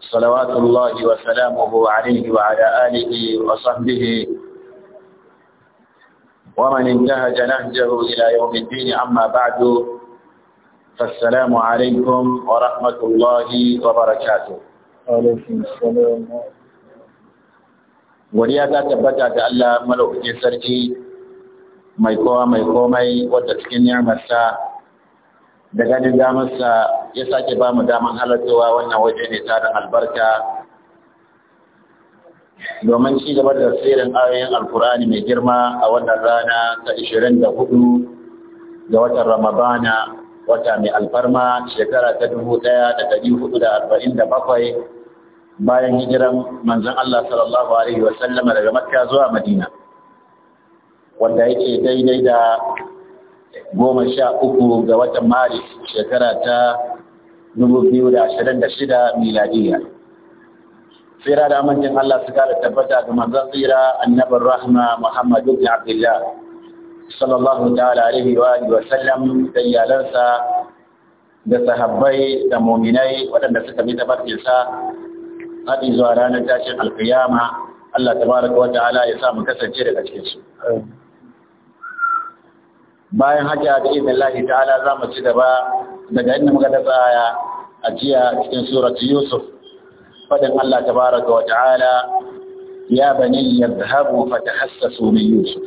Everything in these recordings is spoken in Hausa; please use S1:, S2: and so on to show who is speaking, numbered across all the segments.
S1: صلوات الله وسلامه عليه وعلى آله وصحبه ومن انتهج نهجه إلى يوم الدين أما بعد فالسلام عليكم ورحمة الله وبركاته
S2: عليكم السلام
S1: ما يقوى ما يقوى ما يقوى ما يقوى ما يقوى ما يقوى ما يقو da ganin damarsa ya sake ba mu daman halartowa wannan waje ne da albarka domin ci gaba da tsirin ayoyin alkurani mai girma a wannan rana ta 24 ga watan ramadana wata mai alfarma shekara ta 1447 bayan hijiran manzan Allah sallallahu alaihi wasallama daga makka zuwa madina wanda yake daidai da goma sha uku ga watan maris shekara ta dubu biyu da ashirin da shida miladiya tsira da amincin Allah su kara tabbata ga manzan tsira annabar rahma Muhammadu bin Abdullah sallallahu ta'ala alaihi wa alihi wa sallam da iyalansa da sahabbai da muminai waɗanda suka bi tabarkinsa haɗi zuwa ranar tashin alkiyama Allah tabaraka wa ta'ala ya sa mu kasance daga cikin su bayan haka da izinin Allah ta'ala za mu ci gaba daga inda muka da tsaya a jiya cikin surati Yusuf fadin Allah tabaraka wa ta'ala ya bani yadhhabu fatahassasu min Yusuf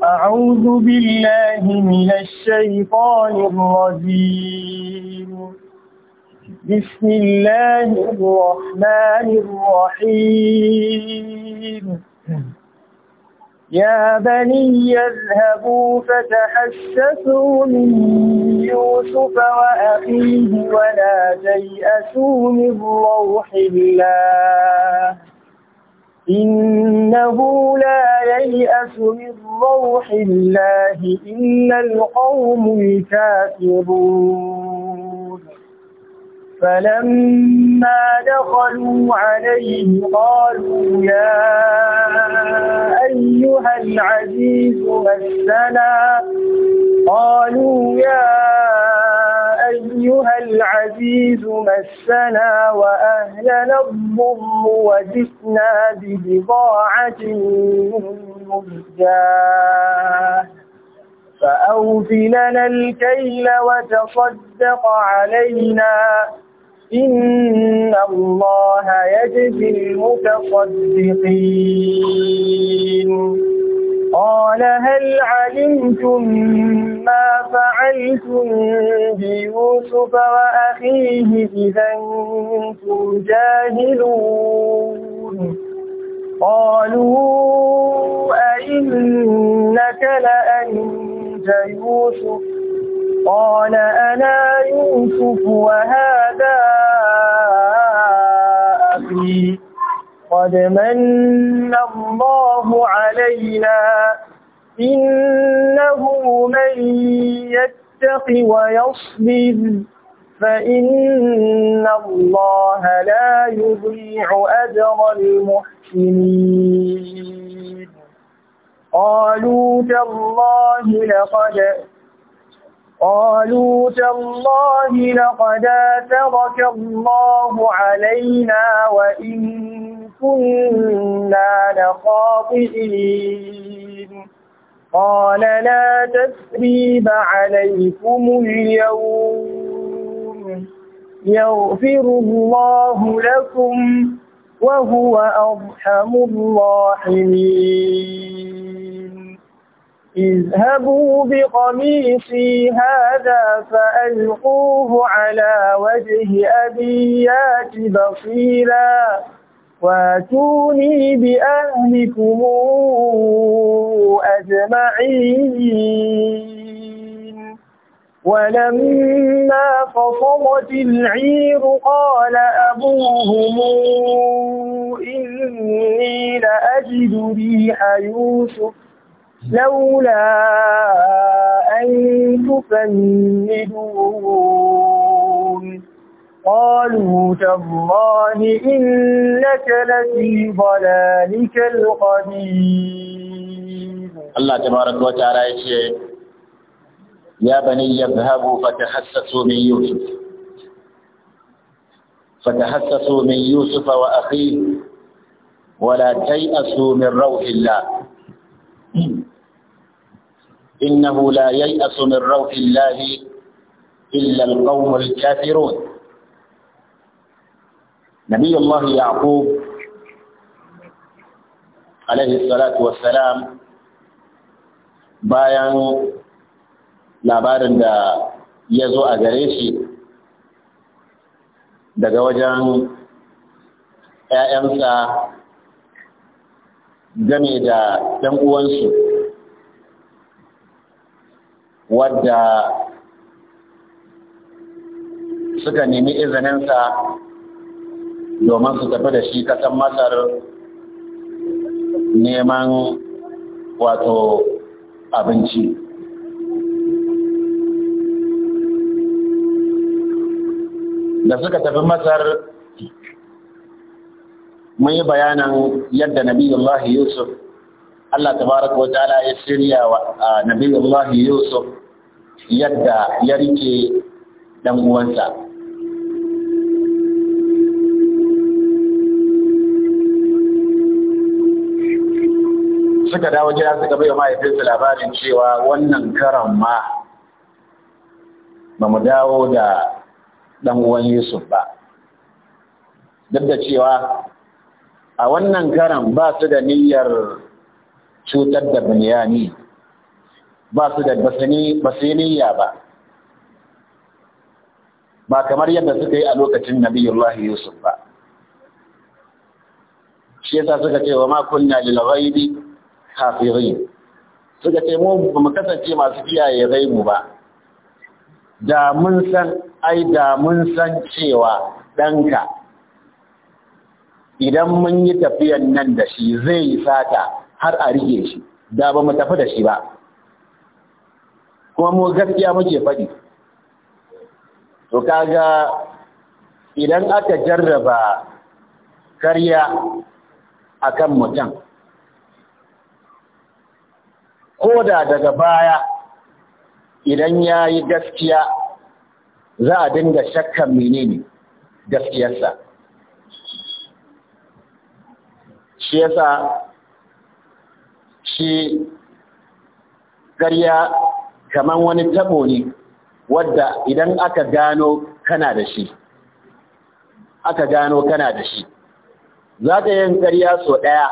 S3: a'udhu billahi minash shaytanir rajim بسم الله الرحمن الرحيم يا بني اذهبوا فتحسسوا من يوسف وأخيه ولا تيأسوا من روح الله إنه لا ييأس من روح الله إلا القوم الكافرون فلما دخلوا عليه قالوا يا أيها العزيز مسنا قالوا يا أيها العزيز مسنا وأهلنا الضر وجئنا ببضاعة مزجاه فأوفلنا الكيل وتصدق علينا إن الله يجزي المتصدقين قال هل علمتم ما فعلتم بيوسف وأخيه إذا أنتم جاهلون قالوا أئنك لأنت يوسف قال أنا يوسف وهذا أخي قد من الله علينا إنه من يتق ويصبر فإن الله لا يضيع أجر المحسنين قالوا تالله لقد قالوا تالله لقد آثرك الله علينا وإن كنا لخاطئين قال لا تثريب عليكم اليوم يغفر الله لكم وهو أرحم الراحمين اذهبوا بقميصي هذا فألقوه على وجه أبيات بصيرا واتوني بأهلكم أجمعين ولما فصلت العير قال أبوهم إني لأجد ريح يوسف لولا أن تفندون قالوا تالله إنك لفي ضلالك القديم
S1: الله تبارك وتعالى يشيء يا بني اذهبوا فتحسسوا من يوسف فتحسسوا من يوسف وأخيه ولا تيأسوا من روح الله إنه لا ييأس من روح الله إلا القوم الكافرون نبي الله يعقوب عليه الصلاة والسلام bayan labarin da ya zo a gare shi daga wajen ‘ya'yansa game da ‘yan wadda suka nemi izininsa domin su tafi da shi kasan masar neman wato abinci da suka tafi masar mun yi bayanan yadda nabiyullahi yusuf Allah tabaraka wa ta'ala ya shirya wa Nabiyullah Yusuf yadda ya rike dan uwansa suka dawo gida suka bai mahaifinsa labarin cewa wannan karan ma ba mu dawo da ɗan uwan Yusuf ba duk da cewa a wannan karan ba su da niyyar cutar da bayani ba su da basaniya ba ba kamar yadda suka yi a lokacin nabiyullahi yusuf ba shi yasa suka ce wa ma kunna lil ghaibi hafizin suka ce mu ba mu kasance masu kiyaye ghaibu ba da mun san ai da mun san cewa ɗanka idan mun yi tafiyan nan da shi zai yi sata har a rike shi da ba mu tafi da shi ba kuma mu gaskiya muke faɗi to kaga idan aka jarraba karya akan mutum ko da daga baya idan ya yi gaskiya za a dinga shakkan menene gaskiyarsa shi yasa shi ƙarya kaman wani tabo ne wadda idan aka gano kana da shi aka gano kana da shi za ka yin ƙarya so ɗaya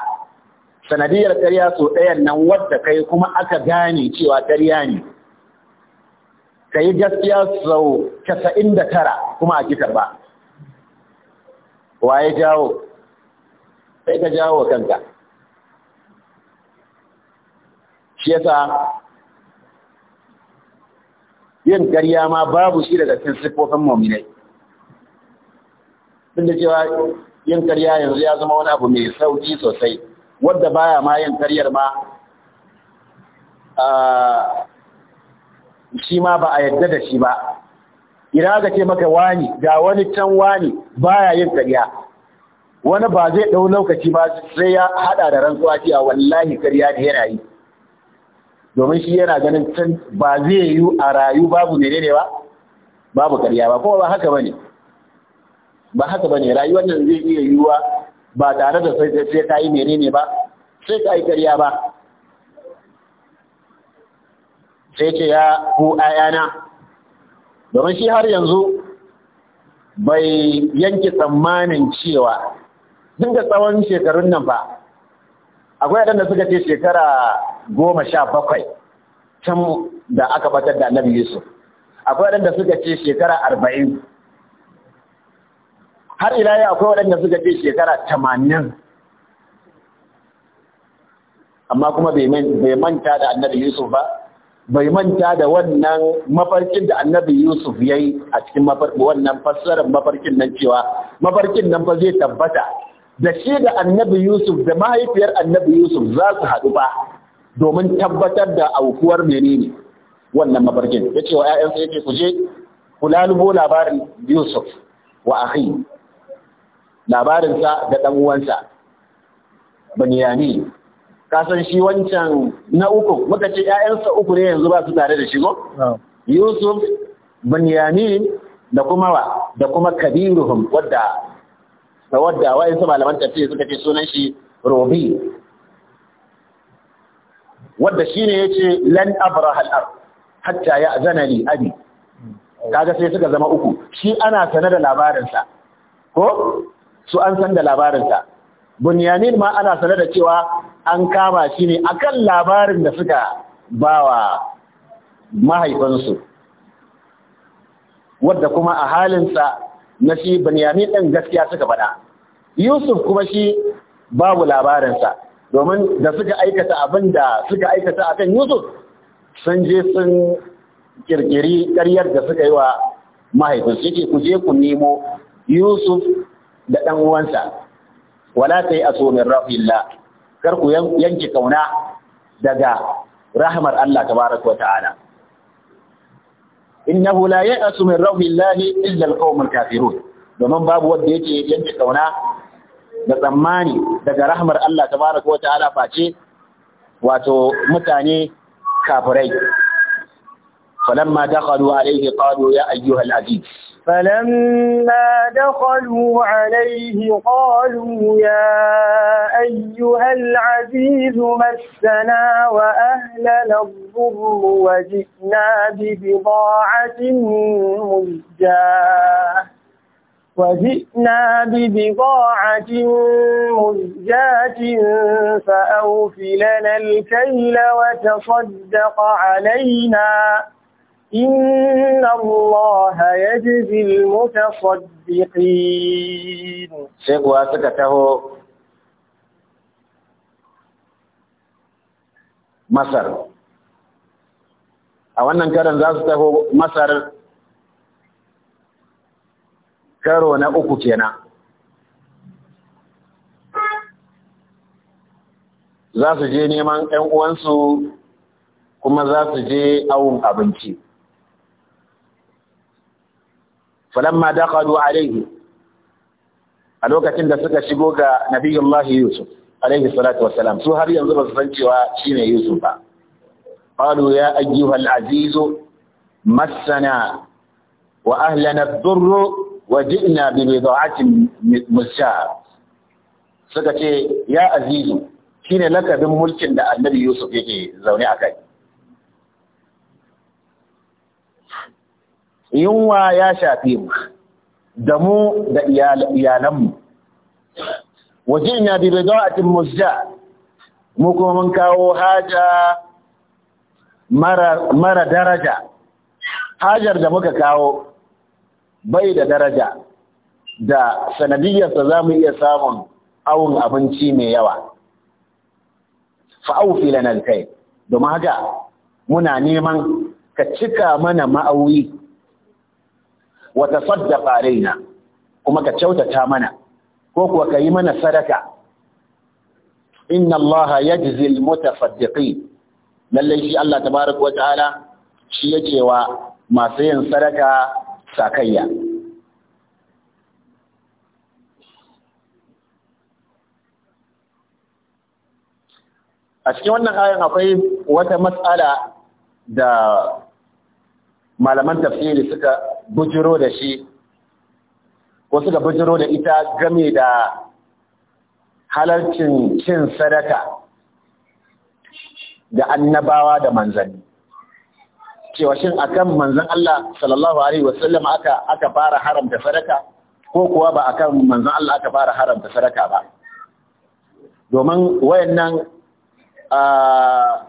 S1: sanadiyar ƙarya so ɗayan nan wadda kai kuma aka gane cewa ƙarya ne ka yi gaskiya sau casa'in da tara kuma a kitar ba waye jawo sai ka jawo kanka shi yasa yin ƙarya ma babu shi daga cikin siffofin mu'minai inda da cewa yin ƙarya yanzu ya zama wani abu mai sauki sosai wadda baya ma yin ƙaryar ma ah, shi ma ba a yadda da shi ba ina ga ce maka wani ga wani can wani baya yin karya, wani ba zai ɗau lokaci ba sai ya haɗa da rantsuwa cewa wallahi karya da yana yi domin shi yana ganin can ba zai yi a rayu babu ne ba babu karya ba kuma ba haka bane ba haka bane rayuwar nan zai iya yiwuwa ba tare da sai sai ka yi ne ba sai ka yi karya ba sai ce ya ku ayana domin shi har yanzu bai yanke tsammanin cewa duk da tsawon shekarun nan ba akwai waɗanda suka ce shekara goma sha bakwai can da aka batar da annabi yusuf akwai waɗanda suka ce shekara arba'in har ila yau akwai waɗanda suka ce shekara tamanin amma kuma bai manta da annabi yusuf ba bai manta da wannan mafarkin da annabi yusuf ya yi a cikin wannan fassarar mafarkin nan cewa mafarkin nan ba zai tabbata da shi da annabi Yusuf da mahaifiyar annabi Yusuf za su haɗu ba domin tabbatar da aukuwar menene wannan mafarkin ya ce wa ‘ya'yansa yake ku je ku lalubo labarin Yusuf wa ahi labarinsa da ɗan uwansa kasan shi wancan na uku muka ce ‘ya'yansa uku ne yanzu ba su tare da shigo Yusuf Banyani da kuma wa da kuma kabiruhum wadda ta wadda wa'insu malaman tafiye suka ce sunan shi robi wadda shi ne ya ce lan abraha al'ar hatta ya li abi kaga sai suka zama uku shi ana sane da labarinsa ko su an san da labarinsa bunyamin ma ana sane da cewa an kama shi ne akan labarin da suka bawa mahaifansu wadda kuma a halinsa na shi Binyamin ɗin gaskiya suka faɗa. Yusuf kuma shi babu labarinsa, domin da suka aikata abin da suka aikata a kan Yusuf sun je sun ƙirƙiri ƙaryar da suka yi wa mahaifinsu yake ku je ku nemo Yusuf da ɗan uwansa. Wala ta yi a somin rafilla, kar ku yanke kauna daga rahmar Allah tabaraka wa ta'ala. innahu ya ya'asu min lahi, illa alqawmul kafiru. domin babu wanda yake yanke kauna da tsammani daga rahmar Allah ta tabaraka wa ta'ala face wato mutane kafirai falamma dakhalu alayhi qalu ya ayyuhal aziz
S3: فلما دخلوا عليه قالوا يا أيها العزيز مسنا وأهلنا الضر وجئنا ببضاعة مزجاة وجئنا ببضاعة مزجاة فأوفلنا الكيل وتصدق علينا إن الله
S1: a wannan karon za su taho masar karo na uku kenan za su je neman 'yan uwansu kuma za su je awon abinci falamma daqalu alaihi a lokacin da suka shigo ga nabiyullahi yusuf alaihi salatu wassalam su har yanzu ba su san cewa shine yusuf ba qalu ya ayyuhal aziz massana wa ahlana ad wa ji'na bi bid'atin mushah suka ce ya azizu shine lakabin mulkin da annabi yusuf yake zaune a kai yunwa ya shafe mu da mu da iyalanmu wajina bi bida'atin musja mu kuma mun kawo haja mara mara daraja hajar da muka kawo bai da daraja da sanadiyarsa za mu iya samun awon abinci mai yawa fa'aufi lanar kai domin haka muna neman ka cika mana ma'auyi wata sadda ƙarina kuma ka kyautata mana ko kuwa ka yi mana sadaka inna allaha mota faddiƙi. Lallai shi Allah ta baraka wa ta'ala shi ya cewa masu yin sadaka sakayya a cikin wannan ayan akwai wata matsala da malaman tafsiri suka bujiro da shi ko suka bujiro da ita game da halarcin cin sadaka da annabawa da manzanni cewa shin akan manzan Allah sallallahu alaihi wasallam aka aka fara haramta sadaka ko kuwa ba akan manzan Allah aka fara haramta sadaka ba domin wayannan ah,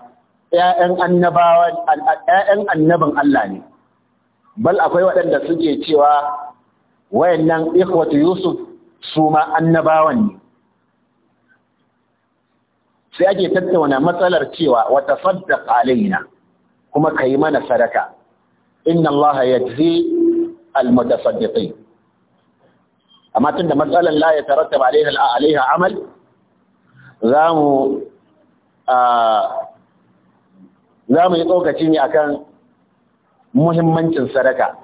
S1: ƴaƴan annabawa ƴaƴan annabin Allah ne bal akwai waɗanda suke cewa wayannan ikhwatu Yusuf su ma annabawan ne sai ake tattauna matsalar cewa wata tasaddaq alaina kuma kai mana sadaka inna Allah yajzi almutasaddiqin amma tunda matsalar la yatarattab alaiha alaiha amal zamu a zamu yi tsokaci ne akan muhimmancin sadaka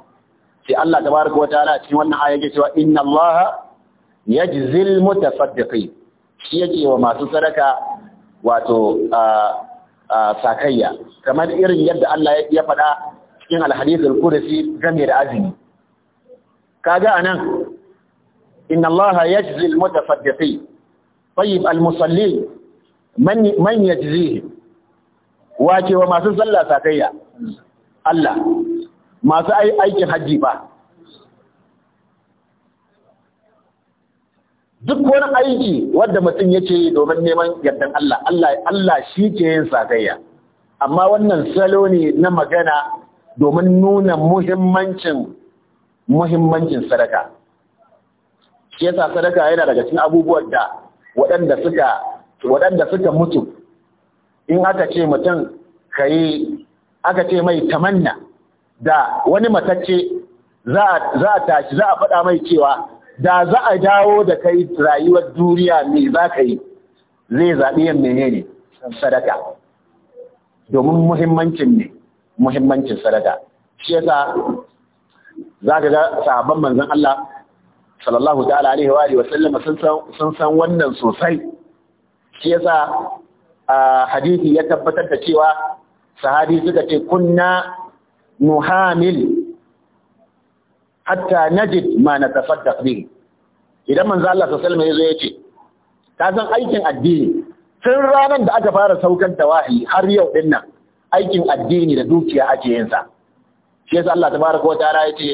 S1: sai Allah tabaraka wa ta'ala cikin wannan aya yake cewa inna Allah yajzil mutasaddiqin shi yake wa masu sadaka wato sakayya kamar irin yadda Allah ya faɗa cikin alhadith al-qudsi game da azumi kaga anan inna Allah yajzi al-mutasaddiqin tayyib al-musallin man man yajzihi wace wa masu sallah sakayya Allah masu aikin hajji ba duk wani aiki wanda mutum ya yake domin neman yardan Allah Allah Allah shi ke yin sakayya amma wannan salo ne na magana domin nuna muhimmancin muhimmancin sadaka shi yasa sadaka yana daga cikin abubuwan da waɗanda suka waɗanda suka mutu in aka ce mutum ka yi aka ce mai tamanna da wani matacce za a tashi za a faɗa mai cewa da za a dawo da kai rayuwar duniya me za ka yi zai zaɓi yin menene sadaka domin muhimmancin ne muhimmancin sadaka shi yasa za ka ga sahabban manzon Allah sallallahu ta'ala alaihi wa sallama sun san wannan sosai shi yasa ah, hadisi ya tabbatar da cewa sahabi suka ce kunna nuhamil hatta najid ma na tafaddaq bi idan manzo Allah sallallahu alaihi wasallam ya ce ka san aikin addini tun ranar da aka fara saukar da wahayi har yau din nan aikin addini da dukiya ake yin sa shi yasa Allah tabaraka wa ta'ala ya ce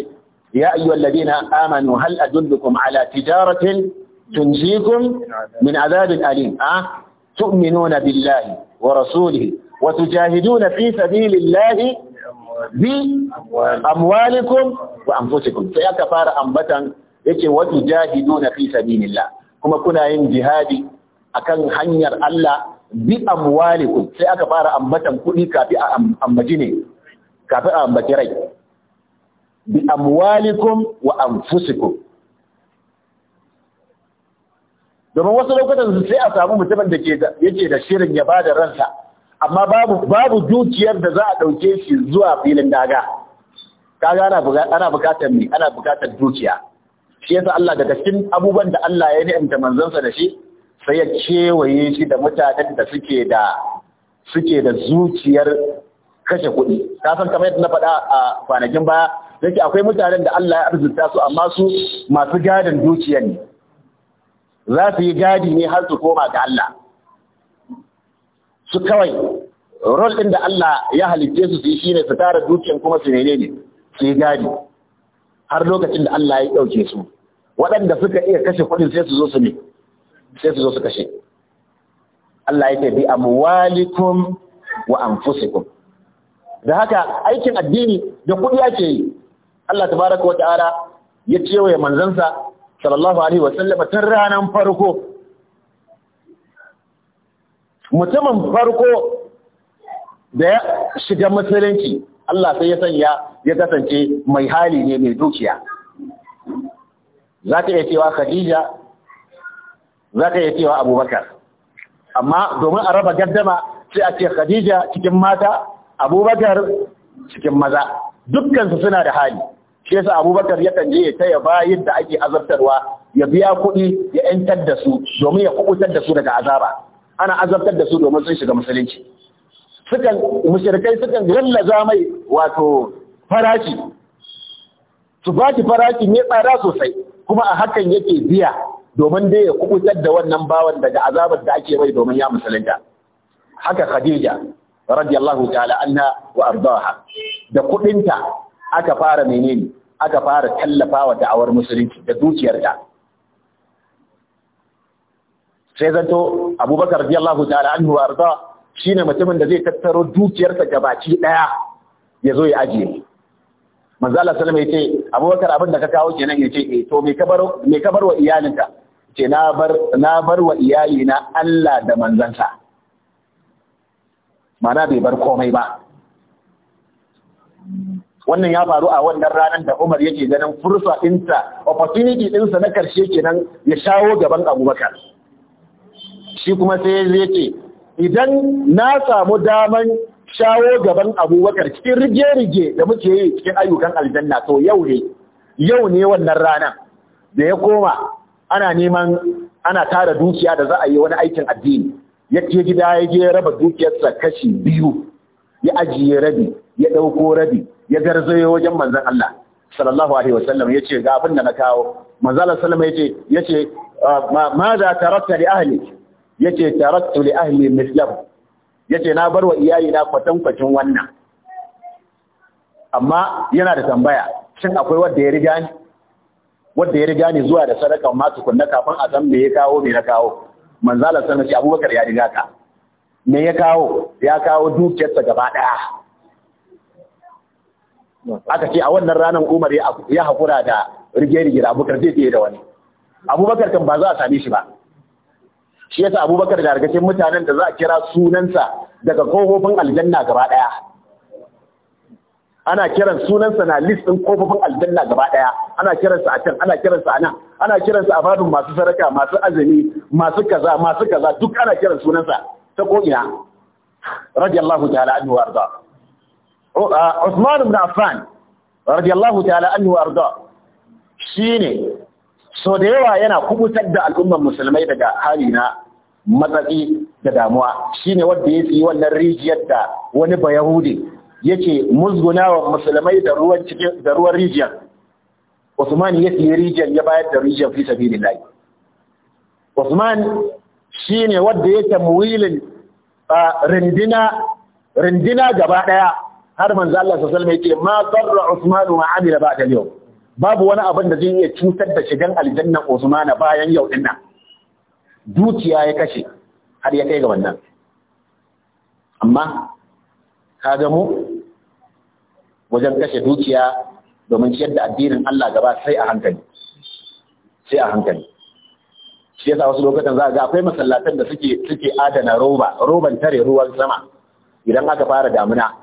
S1: ya ayyuhalladhina amanu hal adullukum ala tijaratin tunjikum min adhabin alim ah tu'minuna billahi wa rasulihi wa tujahiduna fi sabilillahi bi amwalikum wa anfusikum sai aka fara ambatan yace wa tujahiduna fi sabilillah kuma kuna yin jihadi akan hanyar Allah bi amwalikum sai aka fara ambatan kuɗi kafi a ambaci ne kafi a ambaci rai bi amwalikum wa anfusikum domin wasu lokutan sai a samu mutumin da yake da shirin ya bada ransa amma babu babu dukiyar da za a ɗauke shi zuwa filin daga kaga ana ana bukatar me ana bukatar dukiya shi yasa Allah daga cikin abubuwan da Allah ya ni'amta manzansa da shi sai ya kewaye shi da mutanen da suke da suke da zuciyar kashe kuɗi ka san kamar yadda na faɗa a kwanakin baya yake akwai mutanen da Allah ya arzuta su amma su masu gadin dukiyar ne za su yi gadi ne har su koma ga Allah su kawai rol ɗin da Allah ya halitte su su yi shine su tara dukiyan kuma su ne, su yi gadi har lokacin da Allah ya ɗauke su waɗanda suka iya kashe kuɗin sai su zo su ne sai su zo su kashe Allah ce bi amwalikum wa anfusikum da haka aikin addini da kuɗi ake yi Allah tabaraka wa ta'ala ya ce wa manzansa sallallahu alaihi wa sallama tun ranar farko mutumin farko da ya shiga musulunci Allah sai ya sanya ya kasance mai hali ne mai dukiya za ka iya cewa khadija za ka iya cewa abubakar amma domin a raba gaddama sai a ce khadija cikin mata abubakar cikin maza dukkansu suna da hali shi yasa abubakar ya je ya taya bayin da ake azabtarwa ya biya kuɗi ya 'yantar da su domin ya kubutar da su daga azaba ana azabtar da su domin sun shiga musulunci sukan mushrikai sukan gallaza mai wato farashi su ba shi farashi ne tsada sosai kuma a hakan yake biya domin dai ya kubutar da wannan bawan daga azabar da ake mai domin ya musulunta haka khadija radiyallahu ta'ala anha wa ardaha da kudinta aka fara menene aka fara tallafa wa da'awar musulunci da dukiyarta sai zato abubakar radiyallahu ta'ala anhu arda shine mutumin da zai tattaro dukiyarsa gabaci daya ya zo ya ajiye manzo Allah sallama yace abubakar abin da ka kawo kenan yace eh to me kabar me kabar wa iyalinka ce na bar na bar wa iyalina Allah da manzansa mana bai bar komai ba wannan ya faru a wannan ranar da Umar yake ganin fursa ɗinsa opportunity ɗinsa na karshe kenan ya shawo gaban Abubakar shi kuma sai ya ce idan na samu daman shawo gaban abubakar cikin rige-rige da muke yi cikin ayyukan aljanna to yau ne yau ne wannan rana da ya koma ana neman ana tara dukiya da za a yi wani aikin addini ya ce gida ya je raba dukiyarsa kashi biyu ya ajiye rabi ya ɗauko rabi ya garzayo wajen manzon Allah sallallahu alaihi wasallam ya ce ga abin da na kawo manzon Allah sallama ya ce ma za ta rasta da yace taraktu li ahli mislahu yace na barwa iyayi na kwatankwacin wannan amma yana da tambaya shin akwai wanda ya riga ni wanda ya riga ni zuwa da sadaka ma tukunna kafin a san me ya kawo me na kawo manzala sanin shi Abubakar ya riga ka me ya kawo ya kawo dukiyarsa gaba daya aka ce a wannan ranar Umar ya haƙura da rige-rige da Abubakar zai yi da wani. Abubakar kan ba za a same shi ba, shi yasa abubakar da daga mutanen da za a kira sunansa daga kofofin aljanna gaba daya ana kiran sunansa na list din kofofin aljanna gaba daya ana kiransa a can ana kiransa a nan ana kiransa a babin masu saraka masu azumi masu kaza masu kaza duk ana kiran sunansa ta ko ina radiyallahu ta'ala anhu warda Uthman ibn Affan radiyallahu ta'ala anhu warda shine so da yawa yana kubutar da al'ummar musulmai daga hali na matsatsi da damuwa shine wanda ya yi wannan rijiyar da wani bayahudi yake musguna wa musulmai da ruwan cikin da ruwan rijiyar Usman ya yi rijiyar ya bayar da rijiyar fi sabilillah Usman shine wanda ya tamwilin rindina rindina gaba daya har manzo Allah sallallahu alaihi wasallam yake ma darra Usman wa amila ba'da al babu wani abin da zai iya cutar da shigan aljanna Usmana bayan yau din nan dukiya ya kashe har ya kai ga wannan amma ka ga mu wajen kashe dukiya domin ciyar da addinin Allah gaba sai a hankali sai a hankali shi yasa wasu lokacin za ga akwai masallatan da suke suke adana roba roban tare ruwan sama idan aka fara damuna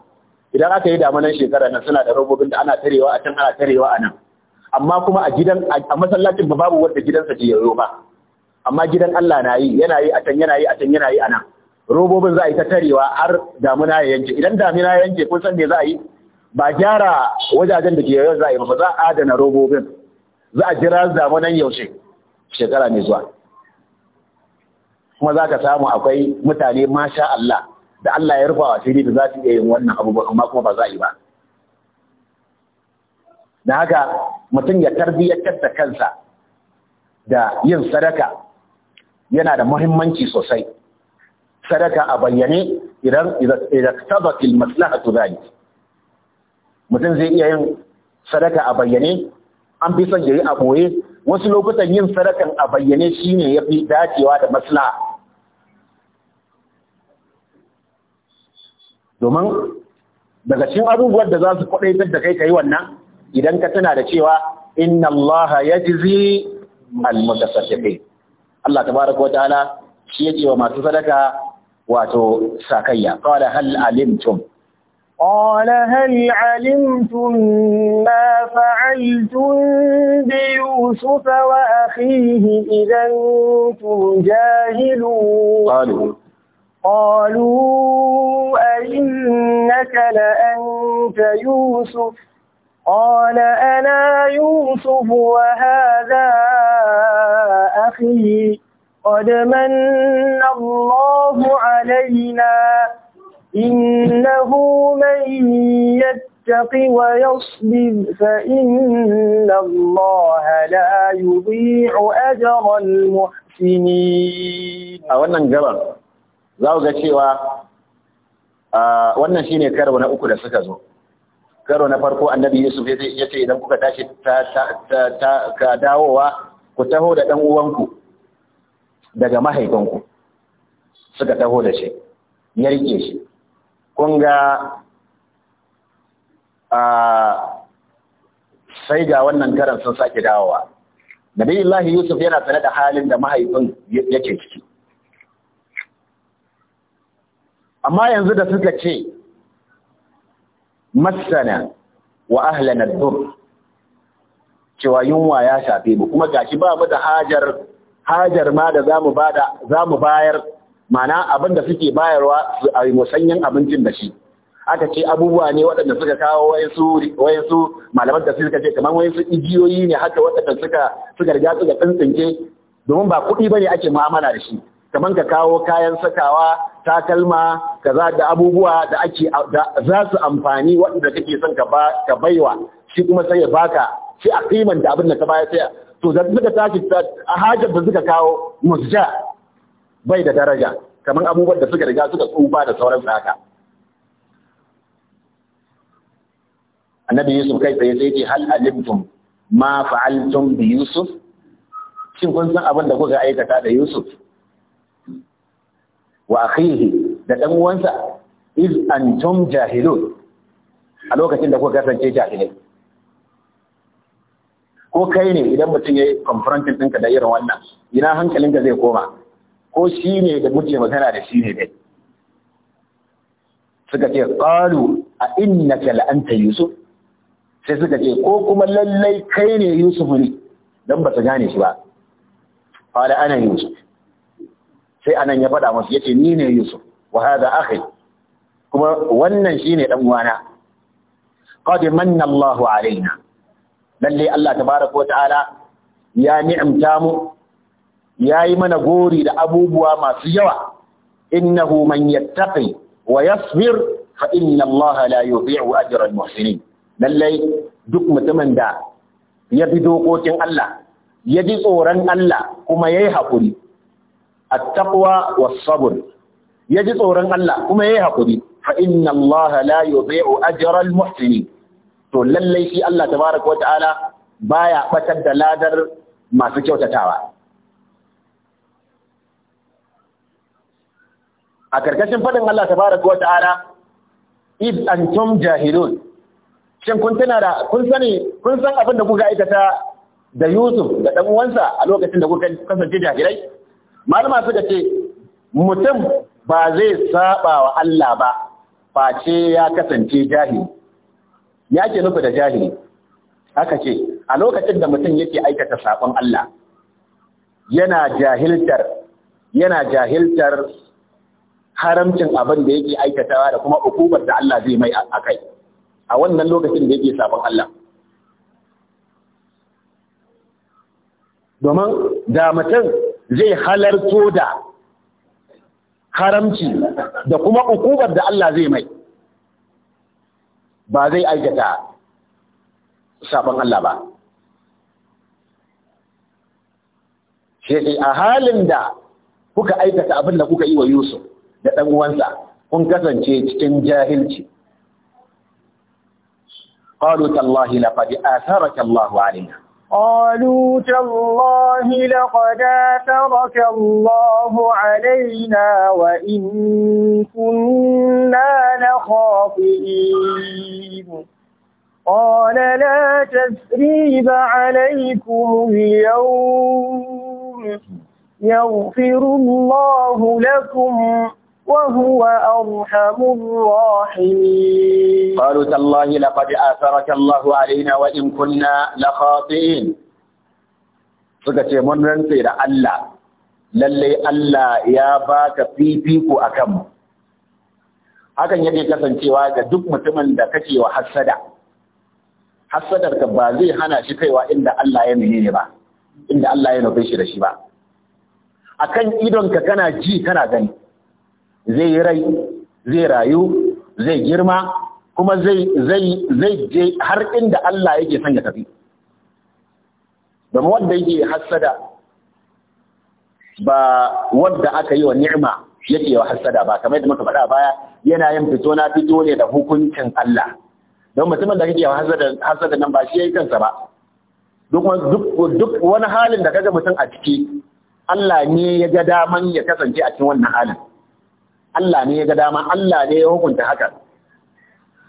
S1: idan aka yi damunan shekara nan suna da robobin da ana tarewa a can ana tarewa a nan amma kuma a gidan a masallacin ba babu wanda gidansa ke yoyo ba amma gidan Allah na yi yana yi a can yana yi a can yana yi a nan robobin za a yi ta tarewa har damuna ya yanke idan damuna ya yanke kun san me za a yi ba gyara wajajen da ke yoyo za a yi ba za a adana robobin za a jira damunan yaushe shekara mai zuwa kuma za ka samu akwai mutane masha Allah da Allah ya rufa wa da za su iya yin wannan abubuwan, amma kuma ba za a yi ba da haka mutum ya tarbiyyatar da kansa da yin sadaka yana da muhimmanci sosai sadaka a bayyane idan idattabatil maslahatu zalik mutum zai iya yin sadaka a bayyane an fi son yayi a boye wasu lokutan yin sadakan a bayyane shine fi dacewa da maslaha domin daga cin abubuwan da za su kwadaitar da kai ka yi wannan idan tana da cewa inna Allah ya jizi al-mutasaddiqin Allah tabaaraka wa ta'ala shi ya ce wa masu sadaka wato sakayya qala hal alimtum
S3: qala hal alimtum ma fa'altum bi yusuf wa akhihi idan tujahilun qalu qalu ayyuka la anta yusuf قال أنا يوسف وهذا أخي قد من الله علينا إنه من يتق ويصبر فإن الله لا يضيع أجر المحسنين أولا جبل za ga cewa
S1: wannan shine karo na uku da suka zo karo na farko annabi yusuf ya ce idan kuka tashi ka dawowa ku taho da ɗan uwanku daga mahaifinku suka taho da shi ya rike shi kun ga sai ga wannan karan sun sake dawowa nabi yusuf yana sane da halin da mahaifin yake ciki amma yanzu da suka ce masana wa al dur cewa yunwa ya shafe mu kuma gashi ba mu da hajar hajar ma da zamu bada zamu bayar mana abin suke bayarwa a musanyen abincin da shi aka ce abubuwa ne waɗanda suka kawo wayansu malaman da suka ce kamar wayansu igiyoyi ne haka waɗanda suka suka riga suka tsintsinke domin ba kuɗi bane ake mu'amala da shi kamar ka kawo kayan sakawa takalma kaza da abubuwa da ake za su amfani waɗanda kake son ka baiwa shi kuma sai ya baka sai a da abin da ka baya sai to da suka tashi a hajar da suka kawo musja bai da daraja kamar abubuwan da suka riga suka tsufa da sauran haka annabi yusuf kai tsaye sai ce hal alimtum ma fa'altum bi yusuf shin kun san abin da kuka aikata da yusuf wa akhihi da dan uwansa iz antum jahilun a lokacin da kuka kasance jahilai ko kai ne idan mutum ya yi confronting ɗinka da irin wannan ina hankalinka zai koma ko shi ne da muke magana da shi ne dai suka ce ƙalu a innaka la la'anta yusuf sai suka ce ko kuma lallai kai ne yusuf ne don ba su gane shi ba fara ana yusuf sai anan ya faɗa musu yace ni ne Yusuf wa hadha akhi kuma wannan shine dan uwana qad manna Allahu alaina lalle Allah tabaaraka wa ta'ala ya ni'amta mu yayi mana gori da abubuwa masu yawa innahu man yattaqi wa yasbir fa inna Allah la yudhi'u ajra al-muhsinin lalle duk mutumin da ya bi dokokin Allah ya ji tsoron Allah kuma yayi hakuri at-taqwa was-sabr yaji tsoron Allah kuma yayi hakuri fa inna Allah la yudhi'u ajra al-muhsinin to lalle shi Allah tabaaraka wa ta'ala baya batar da ladar masu kyautatawa a karkashin fadin Allah tabaaraka wa ta'ala id antum jahilun shin kun tana da kun sani kun san abin da kuka aikata da Yusuf da dan uwansa a lokacin da kuka kasance jahilai malama suka ce mutum ba zai saba wa Allah ba face ya kasance jahili ya ke nufi da jahili aka ce a lokacin da mutum yake aikata sakon Allah yana jahiltar yana jahiltar haramcin abin da yake aikatawa da kuma ukubar da Allah zai mai a kai a wannan lokacin da yake sabon Allah domin da mutum zai halarto da haramci da kuma ukubar da Allah zai mai ba zai aikata sabon Allah ba Shekai a halin da kuka aikata abin da kuka yi wa Yusuf da ɗanuwansa kun kasance cikin jahilci قالوا تالله لقد آثرك
S3: قالوا تالله لقد آثرك الله علينا وإن كنا لخاطئين قال لا تثريب عليكم اليوم يغفر الله لكم وهو أرحم الراحمين
S1: قالوا تالله لقد آثرك الله
S3: علينا وإن كنا لخاطئين
S1: سكتي من رنسي Allah! للي الله يا باك في فيكو أكمل hakan yake kasancewa ga duk mutumin da kake wa hassada hasadar ka ba zai hana shi kaiwa inda Allah ya nune ba inda Allah ya nufe shi da shi ba akan idon ka kana ji kana gani zai yi rai zai rayu zai girma kuma zai je har inda Allah yake son ya tafi domin wanda yake hassada ba wanda aka yi wa ni'ima yake wa hassada ba kamar yadda muka faɗa baya yana yin fito na fito ne da hukuncin Allah don mutumin da kake wa hassada nan ba shi yayi kansa ba duk wani halin da kaga mutum a ciki Allah ne ya ga daman ya kasance a cikin wannan halin Allah ne ya ga dama Allah ne ya hukunta haka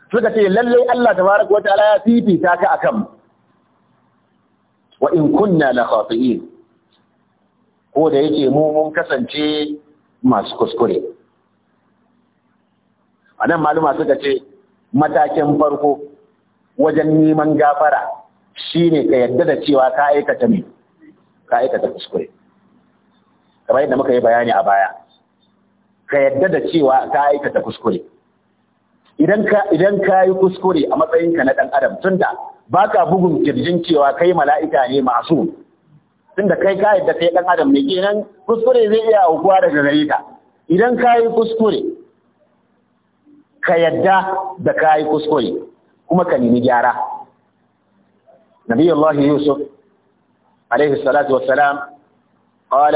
S1: suka ce lallai Allah tabaraka wa ta'ala ya fifita ka akan wa in kunna la khati'in ko da yake mu mun kasance masu kuskure anan maluma suka ce matakin farko wajen neman gafara shine ka yadda da cewa ka aikata me ka aikata kuskure kamar yadda muka yi bayani a baya ka yarda da cewa ka aikata kuskure idan ka yi kuskure a matsayinka na ɗan adam ba baka bugun kirjin cewa kai mala'ika ne masu tunda kai ka yadda kai ɗan adam ne kenan kuskure zai iya aukuwa daga gare ka idan ka yi kuskure ka yarda da ka yi kuskure kuma ka nemi gyara Allah yusuf alaihi salatu wassalam قال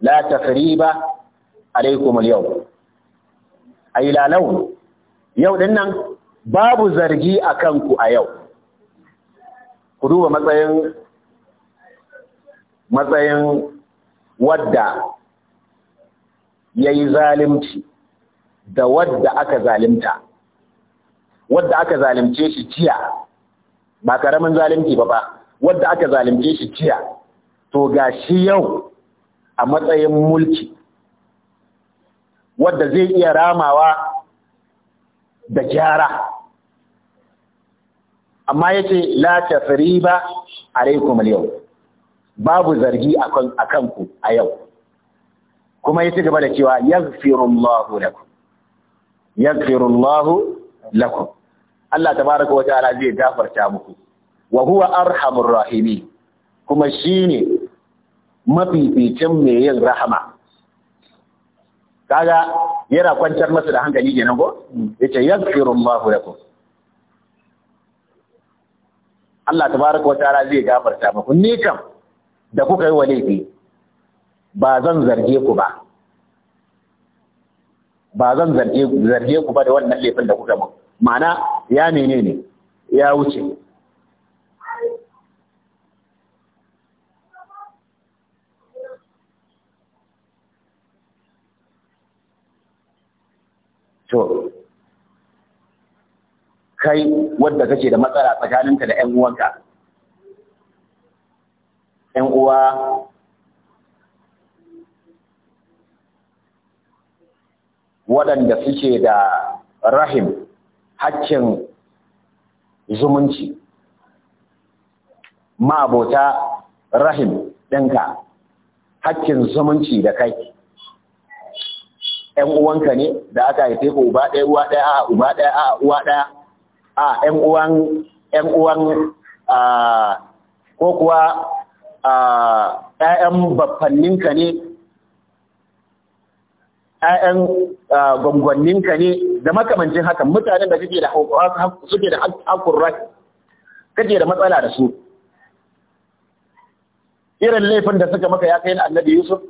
S1: la takriba alaikum al-yawm ay la law yau din nan babu zargi akan ku a yau ku duba matsayin matsayin wadda yayi zalunci da wadda aka zalunta wadda aka zalunce shi jiya ba karamin zalunci ba ba wadda aka zalunce shi jiya to gashi yau a matsayin mulki wadda zai iya ramawa da gyara amma ya ce la tafriba alaikum yau babu zargi a kanku a yau kuma ya ci gaba da cewa yaghfirullahu lakum yaghfirullahu lakum Allah tabaraka wa ta'ala zai gafarta muku wa huwa arhamur rahimi kuma shine mafificin mai yin rahama kaga yana kwantar masa da hankali kenan ko yace ya ku. Allah ta wata wataala zai gafarta muku ni kam da kuka yi wa laifi ba zan zarge ku ba ba zan zarge ku ba da wannan laifin da kuka ba ma'ana ya menene ya wuce to kai wadda kake da matsala tsakaninka da 'yan uwanka 'yan uwa waɗanda suke da rahim hakkin zumunci ma'abota rahim ɗinka hakkin zumunci da kai Yan uwanka ne da aka haife ku uba ɗaya uwa ɗaya a uba ɗaya a uwa ɗaya a yan uwan yan uwan ko kuwa ƴaƴan baffanninka ne ƴaƴan gwangwanninka ne da makamancin haka mutanen da suke da suke da hakun rai kake da matsala da su irin laifin da suka maka ya kai na annabi yusuf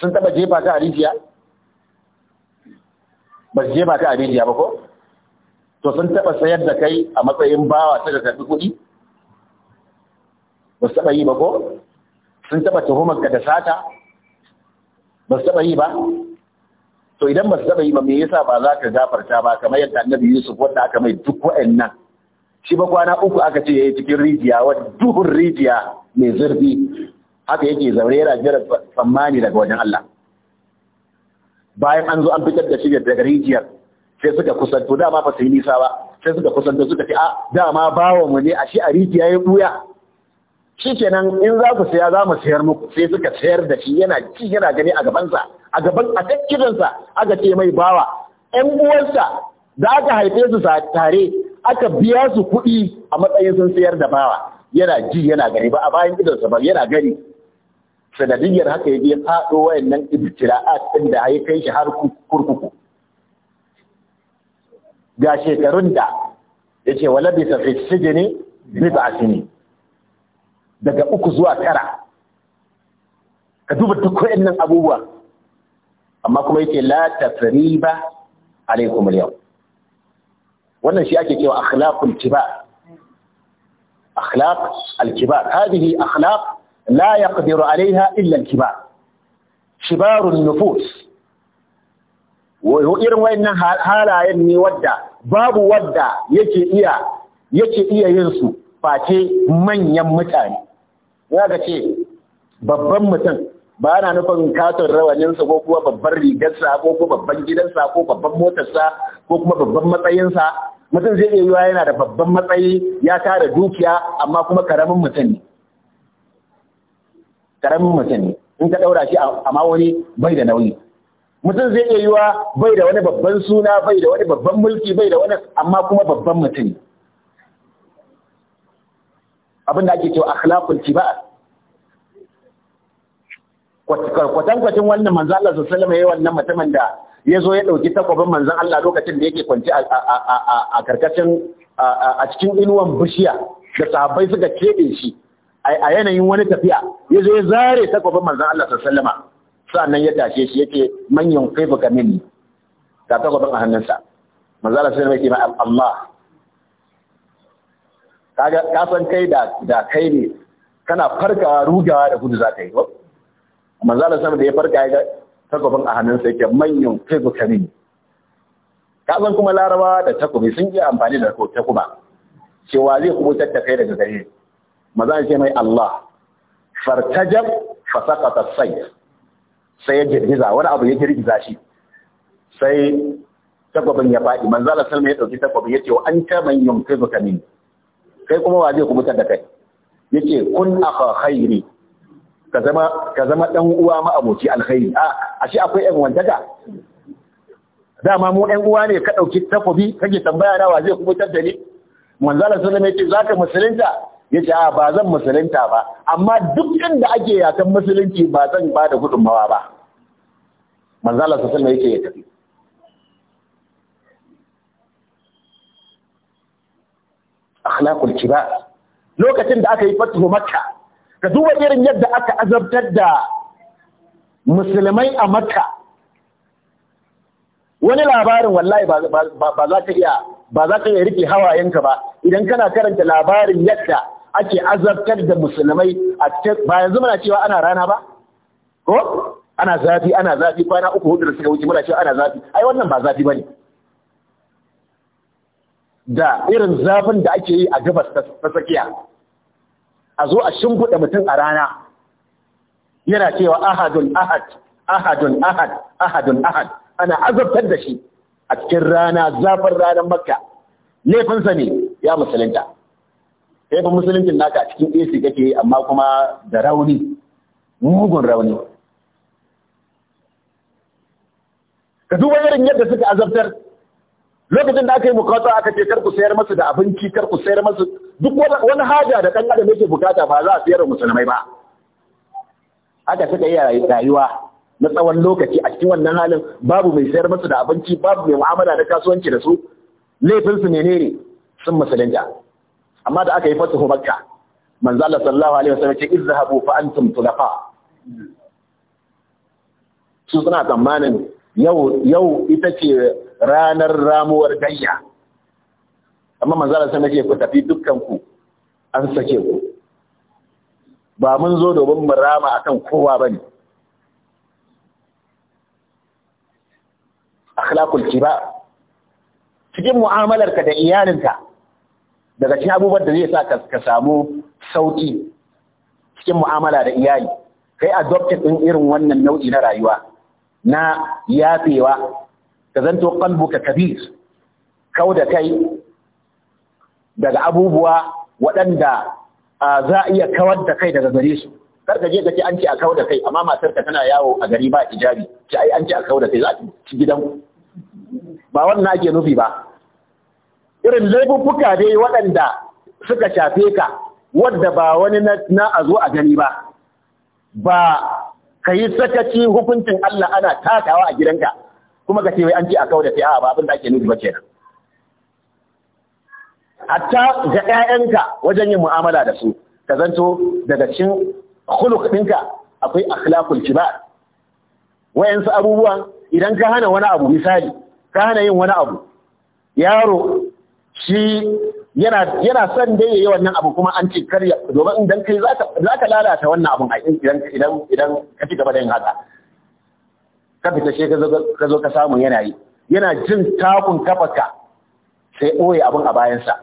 S1: sun taba jefa ta a rijiya ba je ba ka a rijiya ba ko to sun taɓa sayar da kai a matsayin bawa ta da tafi kuɗi ba su taɓa yi ba ko sun taɓa tuhumar ka da sata ba su taɓa yi ba to idan ba su taɓa yi ba me yasa ba za ka gafarta ba kamar yadda annabi Yusuf wanda aka mai duk wa'annan shi ba kwana uku aka ce yayi cikin rijiya wa duhun rijiya mai zurfi haka yake zaure yana jira tsammani daga wajen Allah bayan an zo an fitar da shi daga rijiyar sai suka kusanto dama ba su yi nisa ba sai suka kusanto suka ce a dama bawa mu ne a shi a rijiya ya buya kenan in za ku siya za mu sayar muku sai suka sayar da shi yana ci yana gani a gabansa a gaban a takkidansa aka ce mai bawa ƴan uwansa da aka haife su tare aka biya su kuɗi a matsayin sun sayar da bawa yana ji yana gani ba a bayan idonsa ba yana gani sanadiyar haka yaje ya faɗo wayannan ibtira'at ɗin da ayi kai shi har kurkuku ga shekarun da yace wala bi safi sijni bid'atini daga uku zuwa tara ka duba duk wayannan abubuwa amma kuma yace la tafriba alaikum al wannan shi ake cewa akhlaqul kibar akhlaq al-kibar hadhihi akhlaq la yaqdiru alaiha illa al-kibar shibarun nufus irin wayannan halayen ne wadda babu wadda yake iya yake iya yin su face manyan mutane ga ce babban mutum ba na nufin katon rawaninsa ko kuma babban rigarsa ko kuma babban gidansa ko babban motarsa ko kuma babban matsayinsa mutum zai iya yiwa yana da babban matsayi ya tara dukiya amma kuma karamin mutum ne karamin mutum ne in ka ɗaura shi a wani bai da nauyi mutum zai iya yiwa bai da wani babban suna bai da wani babban mulki bai da wani amma kuma babban mutum ne abin da ake cewa akhlaqul tiba kwatankwacin wannan manzo Allah sallallahu alaihi wasallam yi wannan mutumin da ya zo ya dauki takwabin manzon Allah lokacin da yake kwanci a karkashin a cikin inuwan bishiya da sahabbai suka kebe shi a yanayin wani tafiya ya zo ya zare takwabin manzan Allah sallama sa'annan ya tashe shi yake manyan kaifa ka mini ga takwabin a hannunsa manzan Allah sallama yake ma Allah ka san kai da kai ne kana farkawa rugawa da gudu za ka yi manzan Allah sallama da ya farka ya takwabin a hannunsa yake manyan kaifa ka mini ka san kuma larabawa da takobi sun yi amfani da takuba cewa zai kuma tattakai kai daga gare ni maza ce mai Allah fartajar fasaqata sai sai ya girgiza wani abu ya girgiza shi sai takwabin ya faɗi manzo Allah sallallahu ya dauki takwabin yace wa yin man yumkizuka kamin. kai kuma wa zai kubutar da kai yace kun akha khairi ka zama ka zama dan uwa ma aboki alkhairi a ashe akwai ɗan wantaka dama mu ɗan uwa ne ka dauki takwabi kake tambaya na wa zai kubutar da ni manzo Allah sallallahu alaihi wasallam yace zaka musulunta ya ce a ba zan musulunta ba amma duk inda ake yakan musulunci ba zan ba da gudunmawa ba manzala su suna yake ya tafi akhlaqul ba. lokacin da aka yi fatuhu makka ka duba irin yadda aka azabtar da musulmai a makka wani labarin wallahi ba za ka iya ba za ka iya rike hawayenka ba idan kana karanta labarin yadda ake azabtar da musulmai a cikin ba yanzu muna cewa ana rana ba ko ana zafi ana zafi kwana uku hudu da suka wuce muna cewa ana zafi ai wannan ba zafi ba ne. da irin zafin da ake yi a gabas ta tsakiya a zo a shimfiɗa mutum a rana yana cewa ahadun ahad ahadun ahad ahadun ahad ana azabtar da shi a cikin rana zafin ranar makka laifinsa ne ya musulunta Kaifin fa musuluncin naka a cikin AC kake amma kuma da rauni mugun rauni ka duba irin yadda suka azabtar lokacin da aka yi bukata aka ce karku sayar masu da abinci kar sayar masu duk wani haja da ɗan adam yake bukata ba za a sayar musulmai ba aka suka yi rayuwa na tsawon lokaci a cikin wannan halin babu mai sayar masu da abinci babu mai mu'amala da kasuwanci da su laifinsu menene sun musulunta amma da aka yi fatuhu makka manzo Allah sallallahu alaihi wasallam ce izhabu fa antum tulafa su suna tsammanin yau yau ita ce ranar ramuwar gayya amma manzo Allah sallallahu alaihi wasallam ce ku tafi dukkan ku an sake ku ba mun zo domin mu rama akan kowa bane akhlaqul kibar cikin mu'amalarka da iyalinka daga cikin abubuwan da zai sa ka samu sauki cikin mu'amala da iyali kai adopted din irin wannan nau'i na rayuwa na yafewa ka zanto qalbuka kabir kau da kai daga abubuwa waɗanda za a iya kawar da kai daga gare su kar ka je ka ce an ci a kawar da kai amma matar ka tana yawo a gari ba ijabi ce ai an ci a kawar da kai za ki gidan ba wannan ake nufi ba irin laifuffuka dai waɗanda suka shafe ka wadda ba wani na a zo a gani ba ba ka yi sakaci hukuncin Allah ana takawa a gidanka kuma ka ce wai an ce a kawo da fi'a ba abin da ake nufi ba kenan hatta ga 'ya'yanka wajen yin mu'amala da su ka zanto daga cikin khuluq ɗinka akwai akhlaqul kibar wayansu abubuwan idan ka hana wani abu misali ka hana yin wani abu yaro shi yana son dai yayi wannan abu kuma an ce karya domin idan kai za ka lalata wannan abu idan idan idan ka ci gaba da yin haka ka fita shi ka zo ka samu yana yi yana jin takun kafaka sai ɓoye abin a bayansa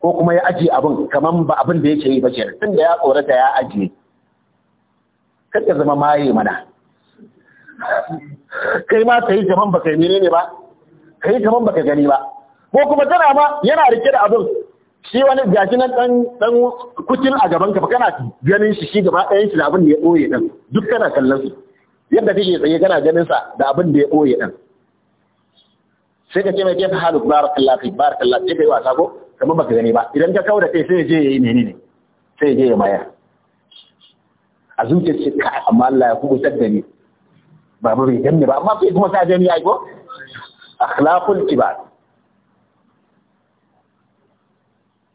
S1: ko kuma ya ajiye abin kamar ba abin da yake yi ba ce tun da ya tsorata ya ajiye kar ka zama maye mana kai ma ka yi kaman ba yi menene ba ka yi kaman ba ka gani ba ko kuma tana ma yana rike da abin shi wani gashi nan dan dan kucin a gaban ka kana ganin shi shi gaba ɗayan shi da abin da ya ɓoye ɗan duk kana kallon su yadda kake tsaye kana ganin sa da abin da ya ɓoye ɗan sai ka ce mai kefa halu barakallahu fi barakallahu sai ka yi wasa ko kamar baka gani ba idan ka kawo da kai sai ya je ya yi menene sai ya je ya maya a zuciyar ce ka amma Allah ya kuɓuta da ni ba ba bai ganni ba amma sai kuma sa gani ya yi ko akhlaqul ibad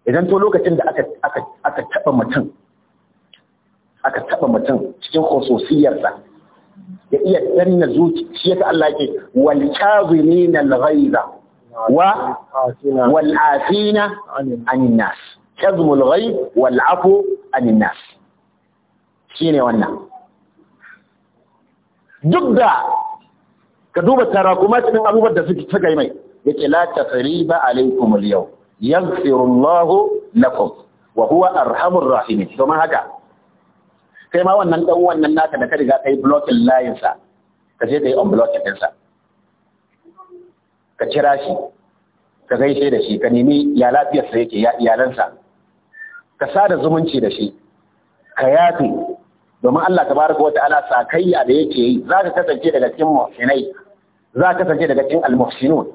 S1: idan to lokacin da aka taɓa mutum aka taɓa mutum cikin hososiyarsa ya iya danna ya ta Allah ke wal na al ghaiza wa wal afina anin nas kazmul ghaib wal afu nas shine wannan duk da ka duba tarakumatin abubuwan da suka yi mai yake la tasriba alaikum al yau yaghfirullahu lakum wa huwa arhamur rahimin to haka kai ma wannan dan wannan naka da ka riga kai blocking line sa ka je kai unblocking din sa ka kira shi ka gaishe da shi ka nemi ya yake ya iyalansa ka sada zumunci da shi ka yafi domin Allah tabaraka wa ta'ala sakayya da yake yi za ka kasance daga cikin muhsinai za ka kasance daga cikin almuhsinun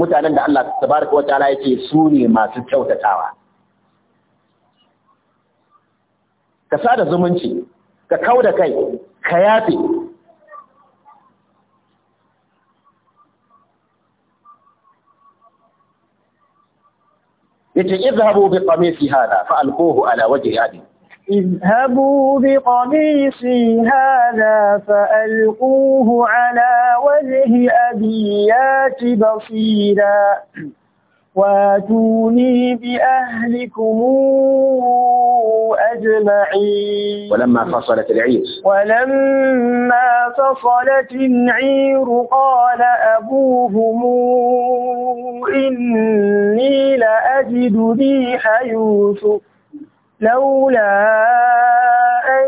S1: mutanen da Allah tabaraka wa ta'ala yake su ne masu kyautatawa ka sada zumunci ka kauda kai ka yafe yace izhabu bi qamisi hada fa alquhu ala wajhi abi
S3: qamisi hada fa alquhu ala. وجه أبيات بصيرا واتوني بأهلكم أجمعين
S1: ولما فصلت العير ولما
S3: فصلت العير قال أبوهم إني لأجد ريح يوسف لولا أن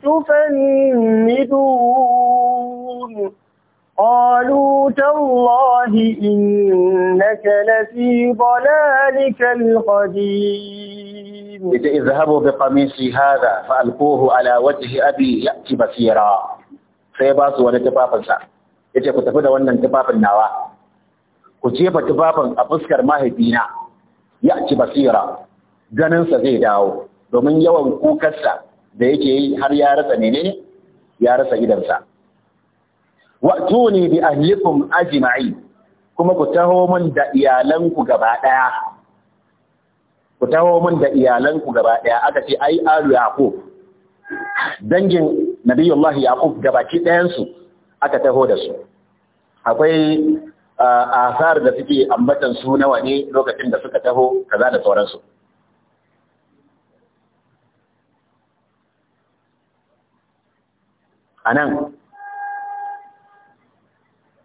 S3: تفندون قالوا تالله إنك لفي ضلالك القديم
S1: اذهبوا بقميصي هذا فألقوه على وجه أبي يأتي بصيرا سيباس ونتفافنسا yace ku tafi da wannan tufafin nawa ku jefa tufafin a fuskar mahaifina ya ci basira ganinsa zai dawo domin yawan kukarsa da yake yi har ya rasa menene ya rasa idansa tuni bi ahlikum ajma'i kuma ku taho mun da iyalanku gaba daya ku taho mun da iyalanku gaba daya aka ce ai alu yaqub dangin nabiyullahi yaqub ki dayan su aka taho da su akwai asar da suke ambatan su nawa ne lokacin da suka taho kaza da sauransu A nan.